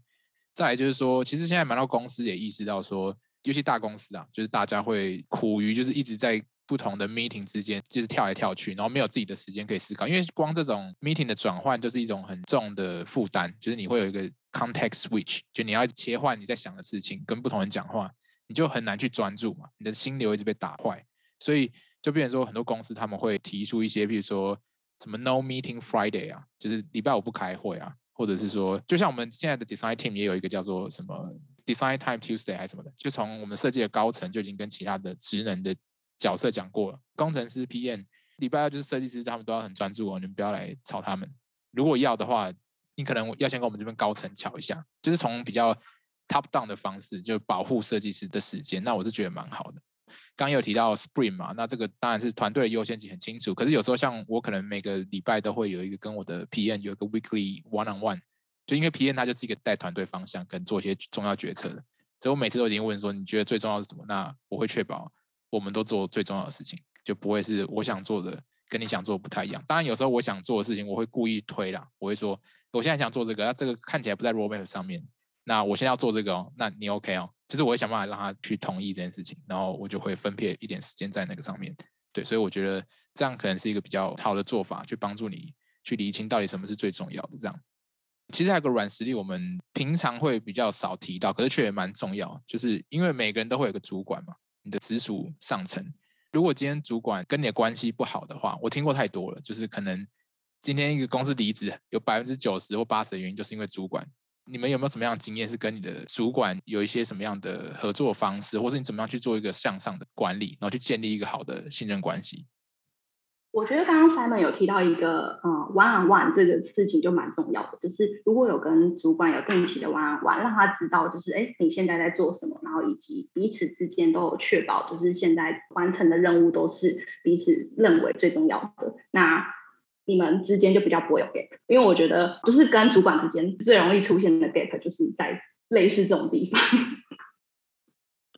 再來就是說，其實現在蠻多公司也意識到說，尤其大公司啊，就是大家會苦於就是一直在不同的 meeting 之間就是跳來跳去，然後沒有自己的時間可以思考，因為光這種 meeting 的轉換就是一種很重的負擔，就是你會有一個 context switch，就是你要切換你在想的事情，跟不同人講話，你就很難去專注嘛，你的心流一直被打壞，所以就變成說很多公司他們會提出一些，譬如說什麼 no meeting Friday 啊，就是禮拜五不開會啊。或者是說，就像我們現在的 design team 也有一個叫做什麼 Design Time Tuesday 還是什麼的，就從我們設計的高層就已經跟其他的職能的角色講過了，工程師、PM，禮拜二就是設計師，他們都要很專注哦，你們不要來吵他們。如果要的話，你可能要先跟我們這邊高層敲一下，就是從比較 top down 的方式，就保護設計師的時間，那我是覺得蠻好的。剛有提到 Spring 嘛，那這個當然是團隊的優先級很清楚。可是有時候像我可能每個禮拜都會有一個跟我的 PM 有一個 weekly one-on-one，就因為 PM 它就是一個帶團隊方向，跟做一些重要決策的。所以我每次都已經問說，你覺得最重要是什麼？那我會確保我們都做最重要的事情，就不會是我想做的跟你想做不太一樣。當然有時候我想做的事情，我會故意推啦，我會說我現在想做這個，那這個看起來不在 roadmap 上面。那我現在要做這個哦，那你 OK 哦？其、就是我會想辦法讓他去同意這件事情，然後我就會分配一點時間在那個上面。對，所以我覺得這樣可能是一個比較好的做法，去幫助你去理清到底什麼是最重要的。這樣其實還有個軟實力，我們平常會比較少提到，可是卻也蠻重要。就是因為每個人都會有個主管嘛，你的直屬上層。如果今天主管跟你的關係不好的話，我聽過太多了，就是可能今天一個公司離職有90，有百分之九十或八十的原因就是因為主管。你們有沒有什麼樣的經驗是跟你的主管有一些什麼樣的合作方式，或是你怎麼樣去做一個向上的管理，然後去建立一個好的信任關係？我覺得剛剛 Simon 有提到一個，呃，嗯，one on one 這個事情就蠻重要的，就是如果有跟主管有定期的 one on one，讓他知道就是，哎，你現在在做什麼，然後以及彼此之間都有確保，就是現在完成的任務都是彼此認為最重要的。那你們之間就比較不會有 gap，因為我覺得不是跟主管之間最容易出現的 gap，就是在類似這種地方。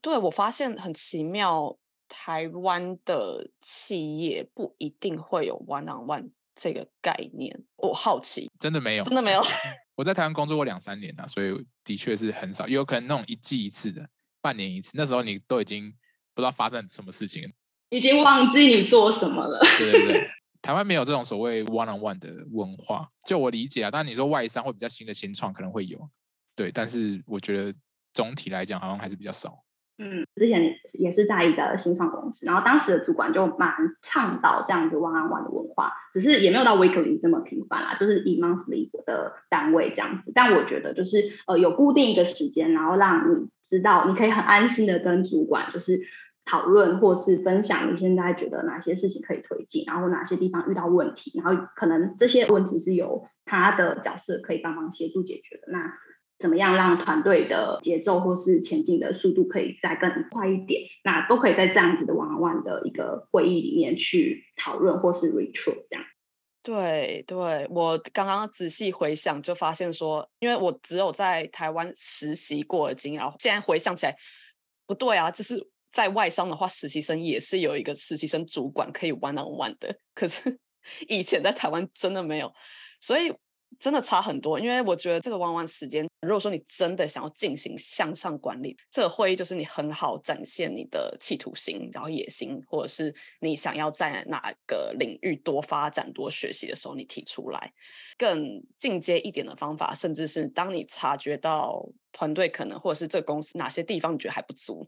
對，我發現很奇妙，台灣的企業不一定會有 one on one 這個概念。我好奇，真的沒有？真的沒有？ 我在台灣工作過兩三年了啊，所以的確是很少，有可能那種一季一次的，半年一次，那時候你都已經不知道發生什麼事情，已經忘記你做什麼了。對對對。台灣沒有這種所謂 one on one 的文化，就我理解啊。當然你說外商會比較新的新創可能會有，對。但是我覺得總體來講好像還是比較少。嗯，之前也是在一個新創公司，然後當時的主管就蠻倡導這樣子 one on one 的文化，只是也沒有到 weekly 這麼頻繁啦，就是以、e、monthly 的單位這樣子。但我覺得就是呃有固定一個時間，然後讓你知道你可以很安心的跟主管就是。討論或是分享，你現在覺得哪些事情可以推進，然後哪些地方遇到問題，然後可能這些問題是由他的角色可以幫忙協助解決的。那怎麼樣讓團隊的節奏或是前進的速度可以再更快一點？那都可以在這樣子的 one on one 的一個會議裡面去討論或是 review 這樣。對對，我剛剛仔細回想就發現說，因為我只有在台灣實習過而已，然後現在回想起來，不對啊，就是。在外商的話，實習生也是有一個實習生主管可以 one on one 的，可是以前在台灣真的沒有，所以真的差很多。因為我覺得這個 one on one 時間，如果說你真的想要進行向上管理，這個會議就是你很好展現你的企圖心，然後野心，或者是你想要在哪個領域多發展、多學習的時候，你提出來更進階一點的方法，甚至是當你察覺到團隊可能或者是這個公司哪些地方你覺得還不足。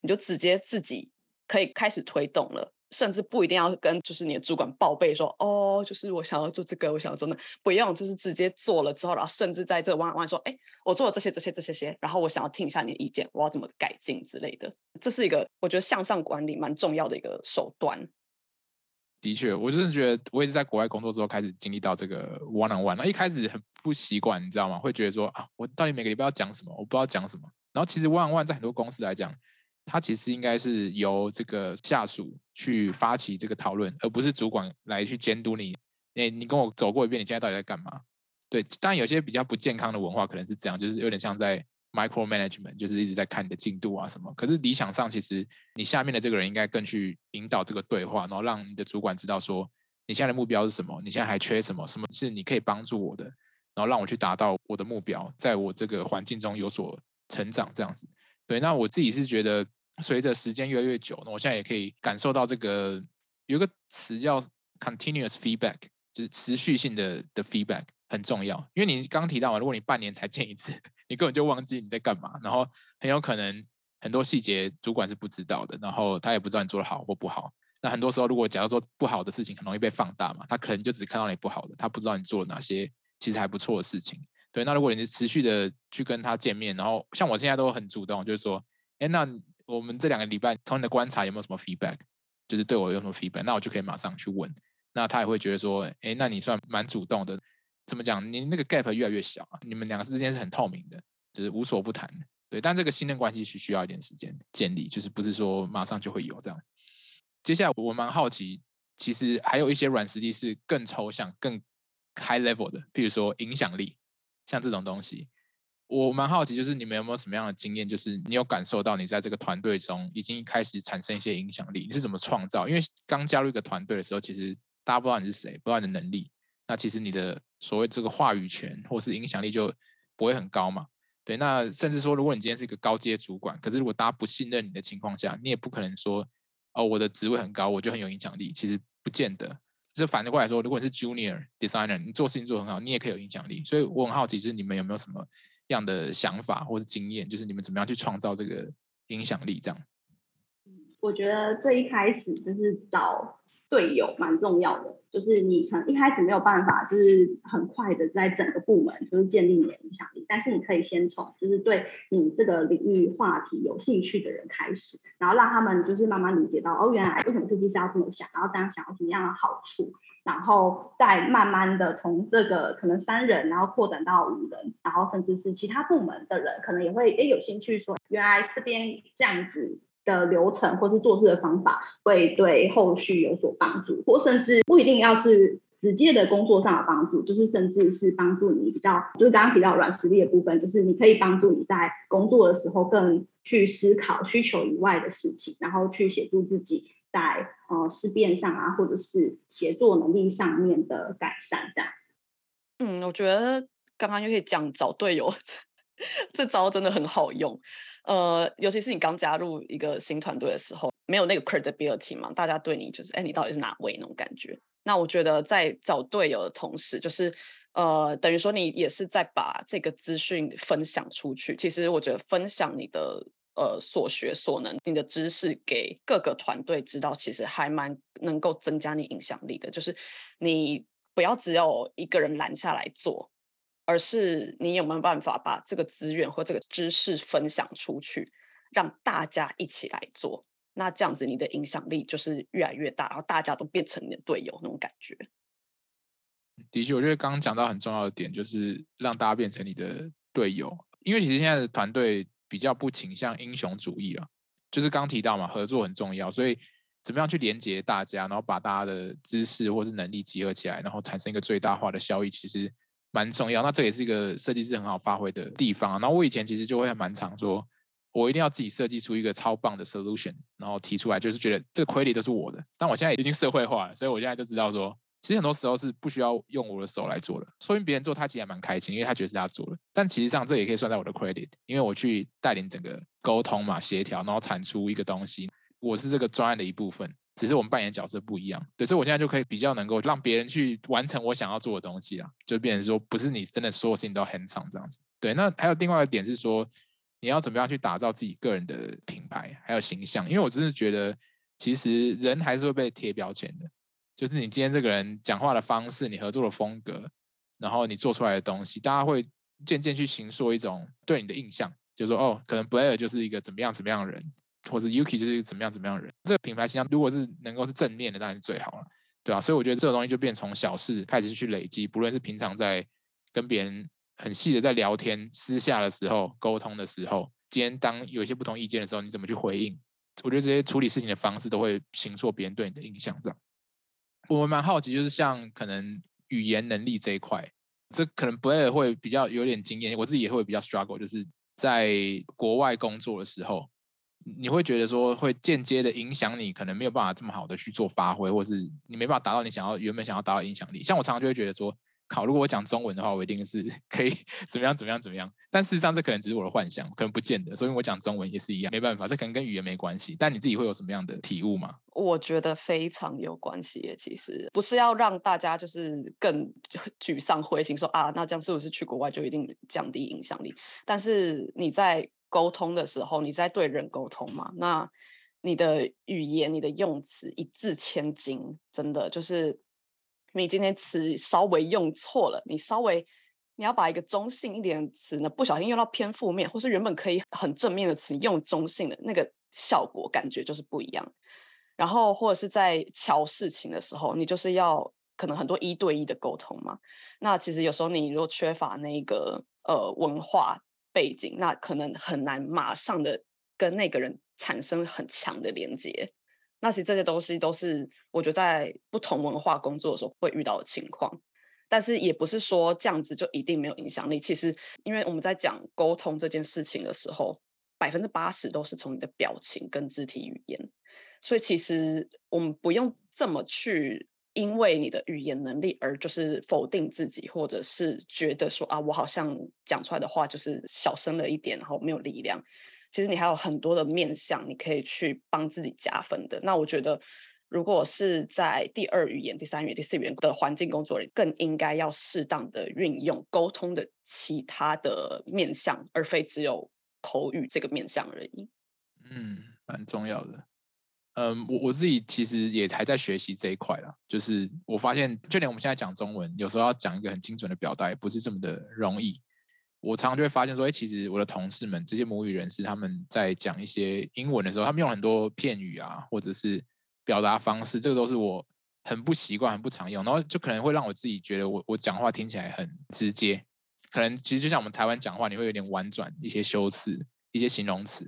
你就直接自己可以開始推動了，甚至不一定要跟就是你的主管報備說哦，就是我想要做這個，我想要做那，不用就是直接做了之後，然後甚至在這 one on one 說，哎，我做了這些、這些、這些些，然後我想要聽一下你的意見，我要怎麼改進之類的，這是一個我覺得向上管理蠻重要的一個手段。的確，我就是覺得我也是在國外工作之後開始經歷到這個 one on one，然後一開始很不習慣，你知道嗎？會覺得說啊，我到底每個禮拜要講什麼？我不知道講什麼。然後其實 one on one 在很多公司來講。他其實應該是由這個下屬去發起這個討論，而不是主管來去監督你。欸，你跟我走過一遍，你現在到底在幹嘛？對，當然有些比較不健康的文化可能是這樣，就是有點像在 micromanagement，就是一直在看你的進度啊什麼。可是理想上，其實你下面的這個人應該更去引導這個對話，然後讓你的主管知道說你現在的目標是什麼，你現在還缺什麼，什麼是你可以幫助我的，然後讓我去達到我的目標，在我這個環境中有所成長這樣子。對，那我自己是覺得。隨着時間越來越久，那我現在也可以感受到這個有個詞叫 continuous feedback，就是持續性的的 feedback 很重要。因為你剛提到嘛，如果你半年才見一次，你根本就忘記你在幹嘛，然後很有可能很多細節主管是不知道的，然後他也不知道你做的好或不好。那很多時候，如果假如說不好的事情，很容易被放大嘛，他可能就只看到你不好的，他不知道你做了哪些其實還不錯的事情。對，那如果你是持續的去跟他見面，然後像我現在都很主動，就是說，誒，那。我們這兩個禮拜，從你的觀察，有沒有什麼 feedback？就是對我有什麼 feedback？那我就可以馬上去問。那他也會覺得說，哎，那你算蠻主動的。怎麼講？你那個 gap 越來越小啊，你們兩個之間是很透明的，就是無所不談。對，但這個信任關係是需要一點時間建立，就是不是說馬上就會有這樣。接下來我蠻好奇，其實還有一些軟實力是更抽象、更 high level 的，譬如說影響力，像這種東西。我蠻好奇，就是你們有沒有什麼樣的經驗？就是你有感受到你在這個團隊中已經開始產生一些影響力，你是怎麼創造？因為剛加入一個團隊的時候，其實大家不知道你是誰，不知道你的能力，那其實你的所謂這個話語權或是影響力就不會很高嘛。對，那甚至說，如果你今天是一個高階主管，可是如果大家不信任你的情況下，你也不可能說，哦，我的職位很高，我就很有影響力，其實不見得。就是、反正過來說，如果你是 junior designer，你做事情做得很好，你也可以有影響力。所以我很好奇，就是你們有沒有什麼？樣的想法或者經驗，就是你們怎麼樣去創造這個影響力？這樣，我覺得最一開始就是找隊友蠻重要的，就是你可能一開始沒有辦法，就是很快的在整個部門就是建立你的影響力，但是你可以先從就是對你這個領域話題有興趣的人開始，然後讓他們就是慢慢理解到，哦，原來為什麼設計師要這麼想，然後這樣想要怎麼樣的好處。然後再慢慢的從這個可能三人，然後擴展到五人，然後甚至是其他部門的人，可能也會也有興趣說，原來這邊這樣子的流程或是做事的方法，會對後續有所幫助。或甚至不一定要是直接的工作上的幫助，就是甚至是幫助你比較，就是剛剛提到軟實力的部分，就是你可以幫助你在工作的時候更去思考需求以外的事情，然後去協助自己。在哦，呃、思辨上啊，或者是協作能力上面的改善這樣。嗯，我覺得剛剛又可以講找隊友呵呵，這招真的很好用。呃，尤其是你剛加入一個新團隊的時候，沒有那個 credibility 嘛，大家對你就是哎、欸，你到底是哪位那種感覺。那我覺得在找隊友的同時，就是呃，等於說你也是在把這個資訊分享出去。其實我覺得分享你的。呃，所學所能，你的知識給各個團隊知道，其實還蠻能夠增加你影響力的。就是你不要只有一個人攬下來做，而是你有沒有辦法把這個資源或這個知識分享出去，讓大家一起來做。那這樣子，你的影響力就是越來越大，然後大家都變成你的隊友那種感覺。的確，我覺得剛剛講到很重要的點，就是讓大家變成你的隊友，因為其實現在的團隊。比較不傾向英雄主義了，就是剛提到嘛，合作很重要，所以怎麼樣去連接大家，然後把大家的知識或者是能力集合起來，然後產生一個最大化的效益，其實蠻重要。那這也是一個設計師很好發揮的地方啊，然後我以前其實就會蠻常說，我一定要自己設計出一個超棒的 solution，然後提出來，就是覺得這個虧力都是我的。但我現在已經社會化了，所以我現在就知道說，其實很多時候是不需要用我的手來做的，說明別人做他其實還蠻開心，因為他覺得是他做的。但其實上這也可以算在我的 credit，因為我去帶領整個溝通嘛、協調，然後產出一個東西，我是這個專案的一部分，只是我們扮演角色不一樣。對，所以我現在就可以比較能夠讓別人去完成我想要做的東西啦，就變成說不是你真的所有事情都要 hands-on，這樣子。對，那還有另外一個點是說，你要怎麼樣去打造自己個人的品牌還有形象？因為我真是覺得其實人還是會被貼標籤的。就是你今天這個人講話的方式，你合作的風格，然後你做出來的東西，大家會漸漸去形塑一種對你的印象，就是說哦，可能 Blair 就是一個怎麼樣怎麼樣的人，或者 Yuki 就是一個怎麼樣怎麼樣的人。這個品牌形象如果是能夠是正面的，當然是最好了，對吧、啊。所以我覺得這個東西就變成從小事開始去累積，不論是平常在跟別人很細的在聊天，私下的時候溝通的時候，今天當有一些不同意見的時候，你怎麼去回應？我覺得這些處理事情的方式都會形塑別人對你的印象，這樣。我蠻好奇，就是像可能語言能力這一塊，這可能 Blair 會比較有點經驗，我自己也會比較 struggle，就是在國外工作的時候，你會覺得說會間接的影響你，可能沒有辦法這麼好的去做發揮，或是你沒辦法達到你想要原本想要達到影響力。像我常常就會覺得說。好，如果我講中文的話，我一定是可以怎麼樣怎麼樣怎麼樣。但事實上，這可能只是我的幻想，可能不見得。所以我講中文也是一樣，沒辦法，這可能跟語言沒關係。但你自己會有什麼樣的體悟嗎？我覺得非常有關係耶。其實不是要讓大家就是更沮喪灰心，說啊，那這樣是不是去國外就一定降低影響力？但是你在溝通的時候，你在對人溝通嘛，那你的語言、你的用詞，一字千金，真的就是。你今天詞稍微用錯了，你稍微你要把一個中性一點的詞呢，不小心用到偏負面，或是原本可以很正面的詞用中性的，那個效果感覺就是不一樣。然後或者是在敲事情的時候，你就是要可能很多一對一的溝通嘛，那其實有時候你如果缺乏那個呃文化背景，那可能很難馬上的跟那個人產生很強的連接。那其實這些東西都是我覺得在不同文化工作的時候會遇到的情況，但是也不是說這樣子就一定沒有影響力。其實，因為我們在講溝通這件事情的時候，百分之八十都是從你的表情跟肢體語言，所以其實我們不用這麼去因為你的語言能力而就是否定自己，或者是覺得說啊，我好像講出來的話就是小聲了一點，然後沒有力量。其實你還有很多的面向，你可以去幫自己加分的。那我覺得，如果是在第二語言、第三語言、第四語言的環境工作裡，更應該要適當的運用溝通的其他的面向，而非只有口語這個面向而已。嗯，蠻重要的。嗯，我我自己其實也還在學習這一塊啦。就是我發現，就連我們現在講中文，有時候要講一個很精準的表達，也不是這麼的容易。我常常就會發現說，哎、欸，其實我的同事們這些母語人士他們在講一些英文的時候，他們用很多片語啊，或者是表達方式，這個都是我很不習慣、很不常用，然後就可能會讓我自己覺得我我講話聽起來很直接，可能其實就像我們台灣講話，你會有點婉轉、一些修飾、一些形容詞，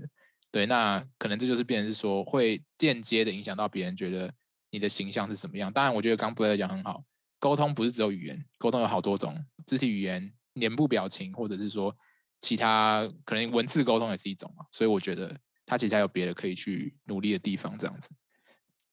對，那可能這就是變成是說會間接的影響到別人覺得你的形象是什麼樣。當然，我覺得剛 Blair 講很好，溝通不是只有語言，溝通有好多種，肢體語言。臉部表情，或者是說其他可能文字溝通也是一種嘛，所以我覺得他其實還有別的可以去努力的地方。這樣子，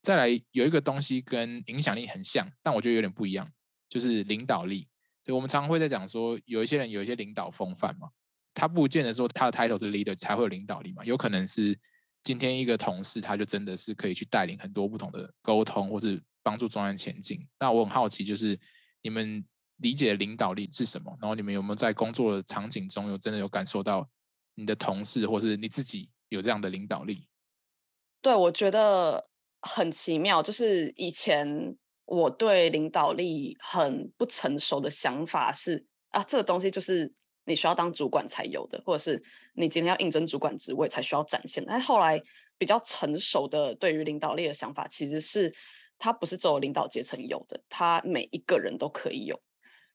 再來有一個東西跟影響力很像，但我覺得有點不一樣，就是領導力。所以我們常常會在講說，有一些人有一些領導風範嘛，他不見得說他的 title 是 leader 才會有領導力嘛，有可能是今天一個同事，他就真的是可以去帶領很多不同的溝通，或是幫助眾人前進。那我很好奇，就是你們。理解領導力是什麼？然後你們有沒有在工作的場景中有真的有感受到你的同事或是你自己有這樣的領導力？對，我覺得很奇妙，就是以前我對領導力很不成熟的想法是啊，這個東西就是你需要當主管才有的，或者是你今天要應徵主管職位才需要展現。但後來比較成熟的對於領導力的想法，其實是他不是只有領導階層有的，他每一個人都可以有。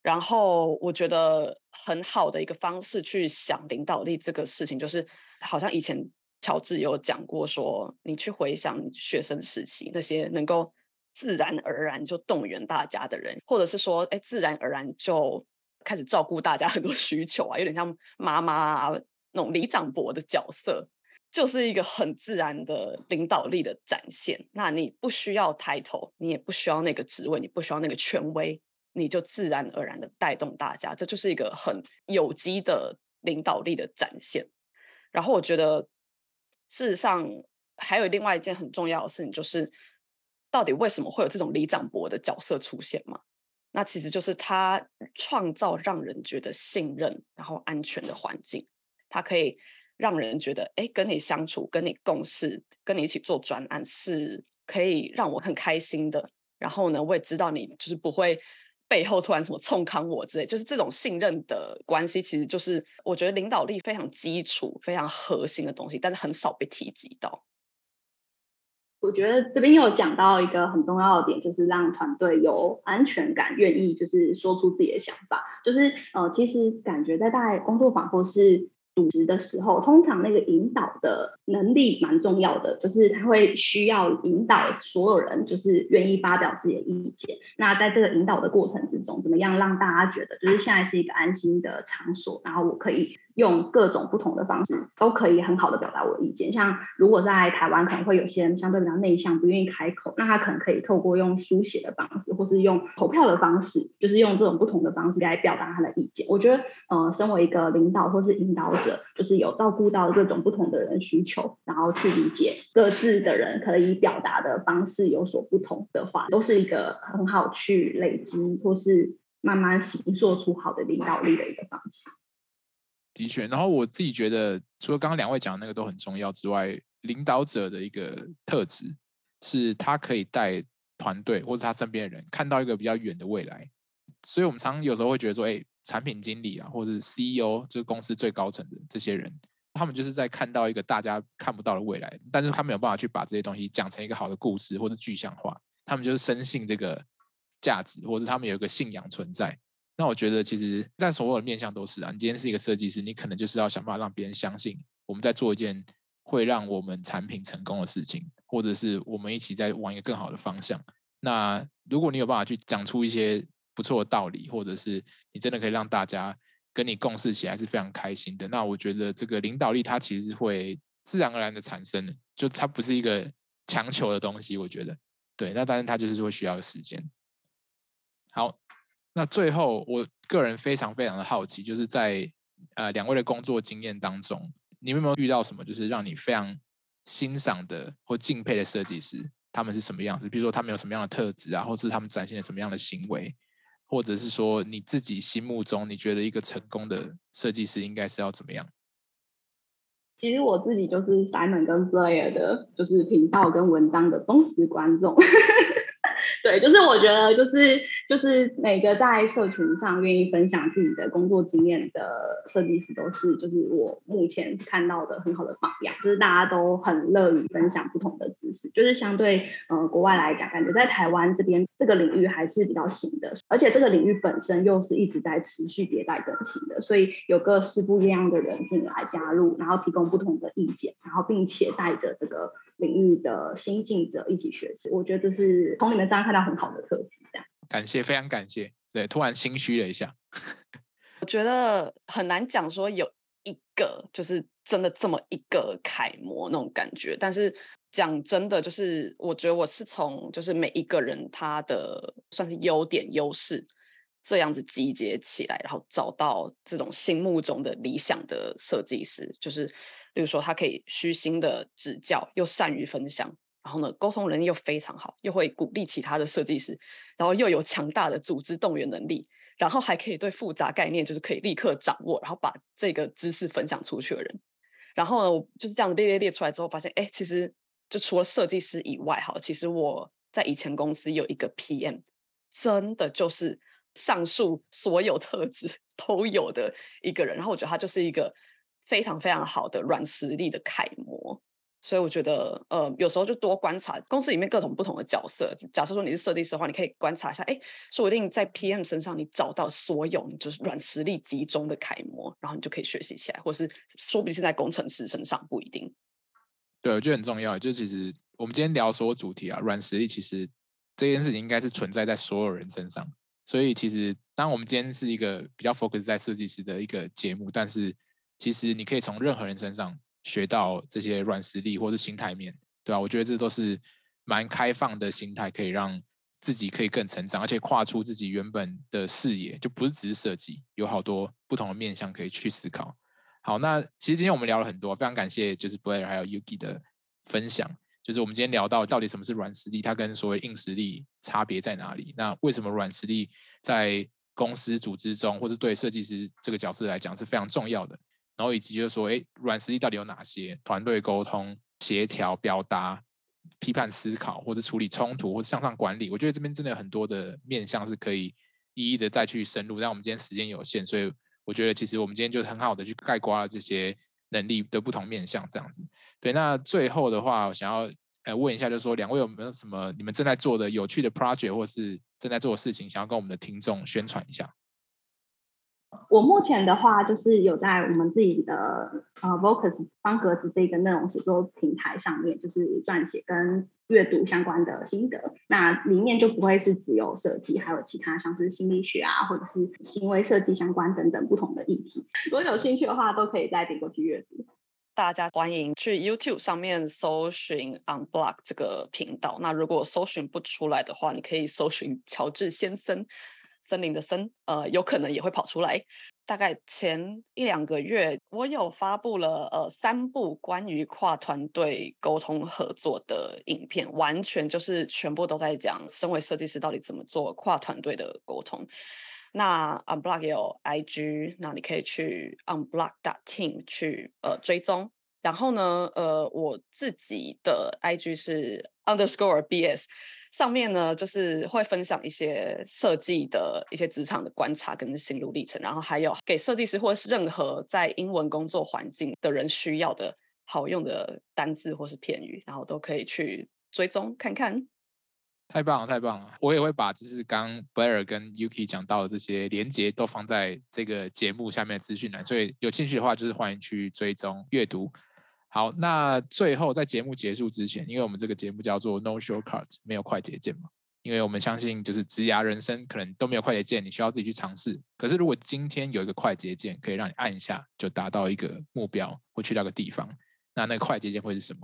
然後我覺得很好的一個方式去想領導力這個事情，就是好像以前喬治有講過，說你去回想學生時期那些能夠自然而然就動員大家的人，或者是說，哎，自然而然就開始照顧大家很多需求啊，有點像媽媽、啊、那種里長伯的角色，就是一個很自然的領導力的展現。那你不需要 title，你也不需要那個職位，你不需要那個權威。你就自然而然的帶動大家，這就是一個很有機的領導力的展現。然後我覺得，事實上還有另外一件很重要的事情，就是到底為什麼會有這種里長伯的角色出現嘛？那其實就是他創造讓人覺得信任，然後安全的環境。他可以讓人覺得，哎，跟你相處、跟你共事、跟你一起做專案，是可以讓我很開心的。然後呢，我也知道你就是不會。背後突然什麼沖康我之類，就是這種信任的關係，其實就是我覺得領導力非常基礎、非常核心的東西，但是很少被提及到。我覺得這邊有講到一個很重要的點，就是讓團隊有安全感，願意就是說出自己的想法。就是呃，其實感覺在大工作坊或是組織的時候，通常那個引導的能力蠻重要的，就是他會需要引導所有人，就是願意發表自己的意見。那在這個引導的過程之中，怎麼樣讓大家覺得就是現在是一個安心的場所，然後我可以用各種不同的方式都可以很好的表達我的意見。像如果在台灣可能會有些人相對比較內向，不願意開口，那他可能可以透過用書寫的方式，或是用投票的方式，就是用這種不同的方式來表達他的意見。我覺得，呃，身為一個領導或是引導者。就是有照顧到各種不同的人需求，然後去理解各自的人可以表達的方式有所不同的話，都是一個很好去累積或是慢慢形做出好的領導力的一個方式。的確，然後我自己覺得，除了剛剛兩位講的那個都很重要之外，領導者的一個特質是他可以帶團隊或是他身邊的人看到一個比較遠的未來，所以我們常常有時候會覺得說，哎。產品經理啊，或者是 CEO，就是公司最高層的這些人，他們就是在看到一個大家看不到的未來，但是他們有辦法去把這些東西講成一個好的故事或者具象化。他們就是深信這個價值，或者他們有一個信仰存在。那我覺得，其實，在所有的面向都是啊，你今天是一個設計師，你可能就是要想辦法讓別人相信我們在做一件會讓我們產品成功的事情，或者是我們一起在往一個更好的方向。那如果你有辦法去講出一些。不錯的道理，或者是你真的可以讓大家跟你共事起來，是非常開心的。那我覺得這個領導力它其實是會自然而然的產生的，就它不是一個強求的東西。我覺得，對。那當然，它就是會需要時間。好，那最後我個人非常非常的好奇，就是在呃兩位的工作經驗當中，你有沒有遇到什麼就是讓你非常欣賞的或敬佩的設計師？他們是什麼樣子？比如說他們有什麼樣的特質啊，或是他們展現了什麼樣的行為？或者是說你自己心目中，你覺得一個成功的設計師應該是要怎麼樣？其實我自己就是 Simon 跟 Slayer 的，就是頻道跟文章的忠實觀眾。 對，就是我覺得就是。就是每個在社群上願意分享自己的工作經驗的設計師，都是就是我目前看到的很好的榜樣。就是大家都很樂於分享不同的知識，就是相對呃國外來講，感覺在台灣這邊這個領域還是比較新的，而且這個領域本身又是一直在持續迭代更新的，所以有各式不一樣的人進來加入，然後提供不同的意見，然後並且帶着這個領域的新進者一起學習，我覺得這是從你們身上看到很好的特質，這樣。感謝，非常感謝。對，突然心虛了一下。 我覺得很難講說有一個就是真的這麼一個楷模那種感覺。但是講真的，就是我覺得我是從就是每一個人他的算是優點優勢這樣子集結起來，然後找到這種心目中的理想的設計師，就是比如說他可以虛心的指教，又善於分享。然後呢，溝通能力又非常好，又會鼓勵其他的設計師，然後又有強大的組織動員能力，然後還可以對複雜概念就是可以立刻掌握，然後把這個知識分享出去的人。然後呢，我就是這樣列列列出來之後，發現哎，其實就除了設計師以外，哈，其實我在以前公司有一個 PM，真的就是上述所有特質都有的一個人。然後我覺得他就是一個非常非常好的軟實力的楷模。所以我覺得，呃，有時候就多觀察公司裡面各種不同的角色。假設說你是設計師的話，你可以觀察一下，哎，說不定在 PM 身上你找到所有你就是軟實力集中的楷模，然後你就可以學習起來，或是說不定在工程師身上不一定。對，我覺得很重要。就其實我們今天聊所有主題啊，軟實力其實這件事情應該是存在在所有人身上。所以其實，當我們今天是一個比較 focus 在設計師的一個節目，但是其實你可以從任何人身上。學到這些軟實力或是心態面，面對吧、啊，我覺得這都是蠻開放的心態，可以讓自己可以更成長，而且跨出自己原本的視野，就不是只是設計，有好多不同的面向可以去思考。好，那其實今天我們聊了很多，非常感謝就是 Blair 和 Yuki 的分享，就是我們今天聊到到底什麼是軟實力，它跟所謂硬實力差別在哪裡？那為什麼軟實力在公司組織中，或者對設計師這個角色來講是非常重要的？然後以及就是說，哎，軟實力到底有哪些？團隊溝通、協調、表達、批判思考，或者處理衝突，或者向上管理。我覺得這邊真的有很多的面向是可以一一的再去深入。但我們今天時間有限，所以我覺得其實我們今天就很好的去概括了這些能力的不同面向，這樣子。對，那最後的話，我想要呃問一下，就是說，兩位有沒有什麼你們正在做的有趣的 project，或是正在做的事情，想要跟我們的聽眾宣傳一下？我目前的話，就是有在我們自己的呃 Vocus 方格子這個內容寫作平台上面，就是撰寫跟閱讀相關的心得。那裡面就不會是只有設計，還有其他像是心理學啊，或者是行為設計相關等等不同的議題。如果有興趣的話，都可以再點過去閱讀。大家歡迎去 YouTube 上面搜尋 Unblock 這個頻道。那如果搜尋不出來的話，你可以搜尋喬治先生。森林的森，呃，有可能也會跑出來。大概前一兩個月，我有發布了呃三部關於跨團隊溝通合作的影片，完全就是全部都在講，身為設計師到底怎麼做跨團隊的溝通。那 Unblock 有 IG，那你可以去 Unblock.team 去呃追蹤。然後呢，呃，我自己的 IG 是 underscore BS。上面呢，就是會分享一些設計的一些職場的觀察跟心路歷程，然後還有給設計師或是任何在英文工作環境的人需要的好用的單字或是片語，然後都可以去追蹤看看。太棒了，太棒了！我也會把就是剛剛 Blair 跟 Yuki 講到的這些連結都放在這個節目下面的資訊欄，所以有興趣的話，就是歡迎去追蹤閱讀。好，那最後在節目結束之前，因為我們這個節目叫做 No Shortcuts，沒有快捷鍵嘛，因為我們相信就是職涯人生可能都沒有快捷鍵，你需要自己去嘗試。可是如果今天有一個快捷鍵，可以讓你按一下就達到一個目標或去到個地方，那那個快捷鍵會是什麼？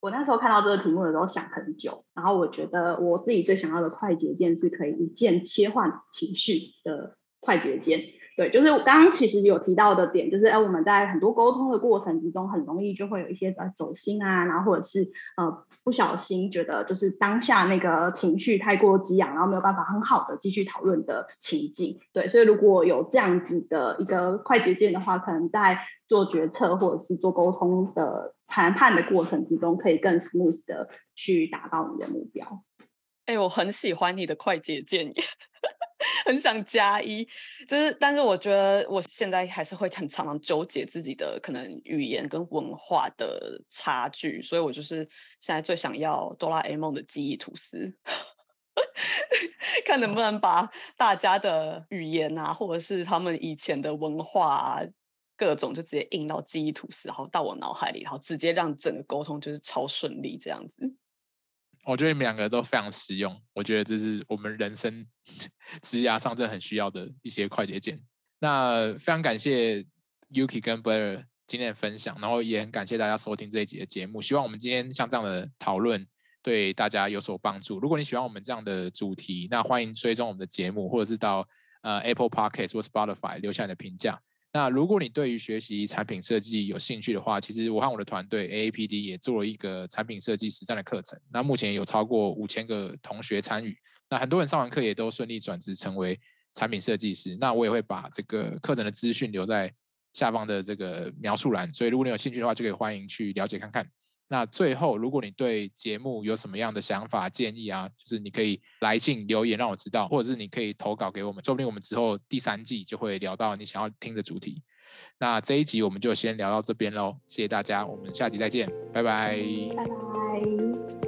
我那時候看到這個題目的時候想很久，然後我覺得我自己最想要的快捷鍵是可以一鍵切換情緒的快捷鍵。對，就是我剛剛其實有提到的點，就是哎，我們在很多溝通的過程之中，很容易就會有一些走心啊，然後或者是呃不小心覺得就是當下那個情緒太過激昂，然後沒有辦法很好的繼續討論的情境。對，所以如果有這樣子的一個快捷鍵的話，可能在做決策或者是做溝通的談判的過程之中，可以更 smooth 的去達到你的目標。哎，我很喜歡你的快捷鍵。 很想加一，就是，但是我覺得我現在還是會很常常糾結自己的可能語言跟文化的差距，所以我就是現在最想要哆啦 A 夢的記憶吐司， 看能不能把大家的語言啊，或者是他們以前的文化啊，各種就直接印到記憶吐司，然後到我腦海裡，然後直接讓整個溝通就是超順利這樣子。我覺得你們兩個都非常實用，我覺得這是我們人生職涯 上真很需要的一些快捷鍵。那非常感謝 Yuki 跟 Blair 今天的分享，然後也很感謝大家收聽這一集的節目。希望我們今天像這樣的討論對大家有所幫助。如果你喜歡我們這樣的主題，那歡迎追蹤我們的節目，或者是到呃 Apple Podcasts 或 Spotify 留下你的評價。那如果你對於學習產品設計有興趣的話，其實我和我的團隊 AAPD 也做了一個產品設計實戰的課程，那目前有超過五千個同學參與，那很多人上完課也都順利轉職成為產品設計師。那我也會把這個課程的資訊留在下方的這個描述欄，所以如果你有興趣的話，就可以歡迎去了解看看。那最後，如果你對節目有什麼樣的想法、建議啊，就是你可以來信留言讓我知道，或者是你可以投稿給我們，說不定我們之後第三季就會聊到你想要聽的主題。那這一集我們就先聊到這邊嘍，謝謝大家，我們下集再見，拜拜，拜拜。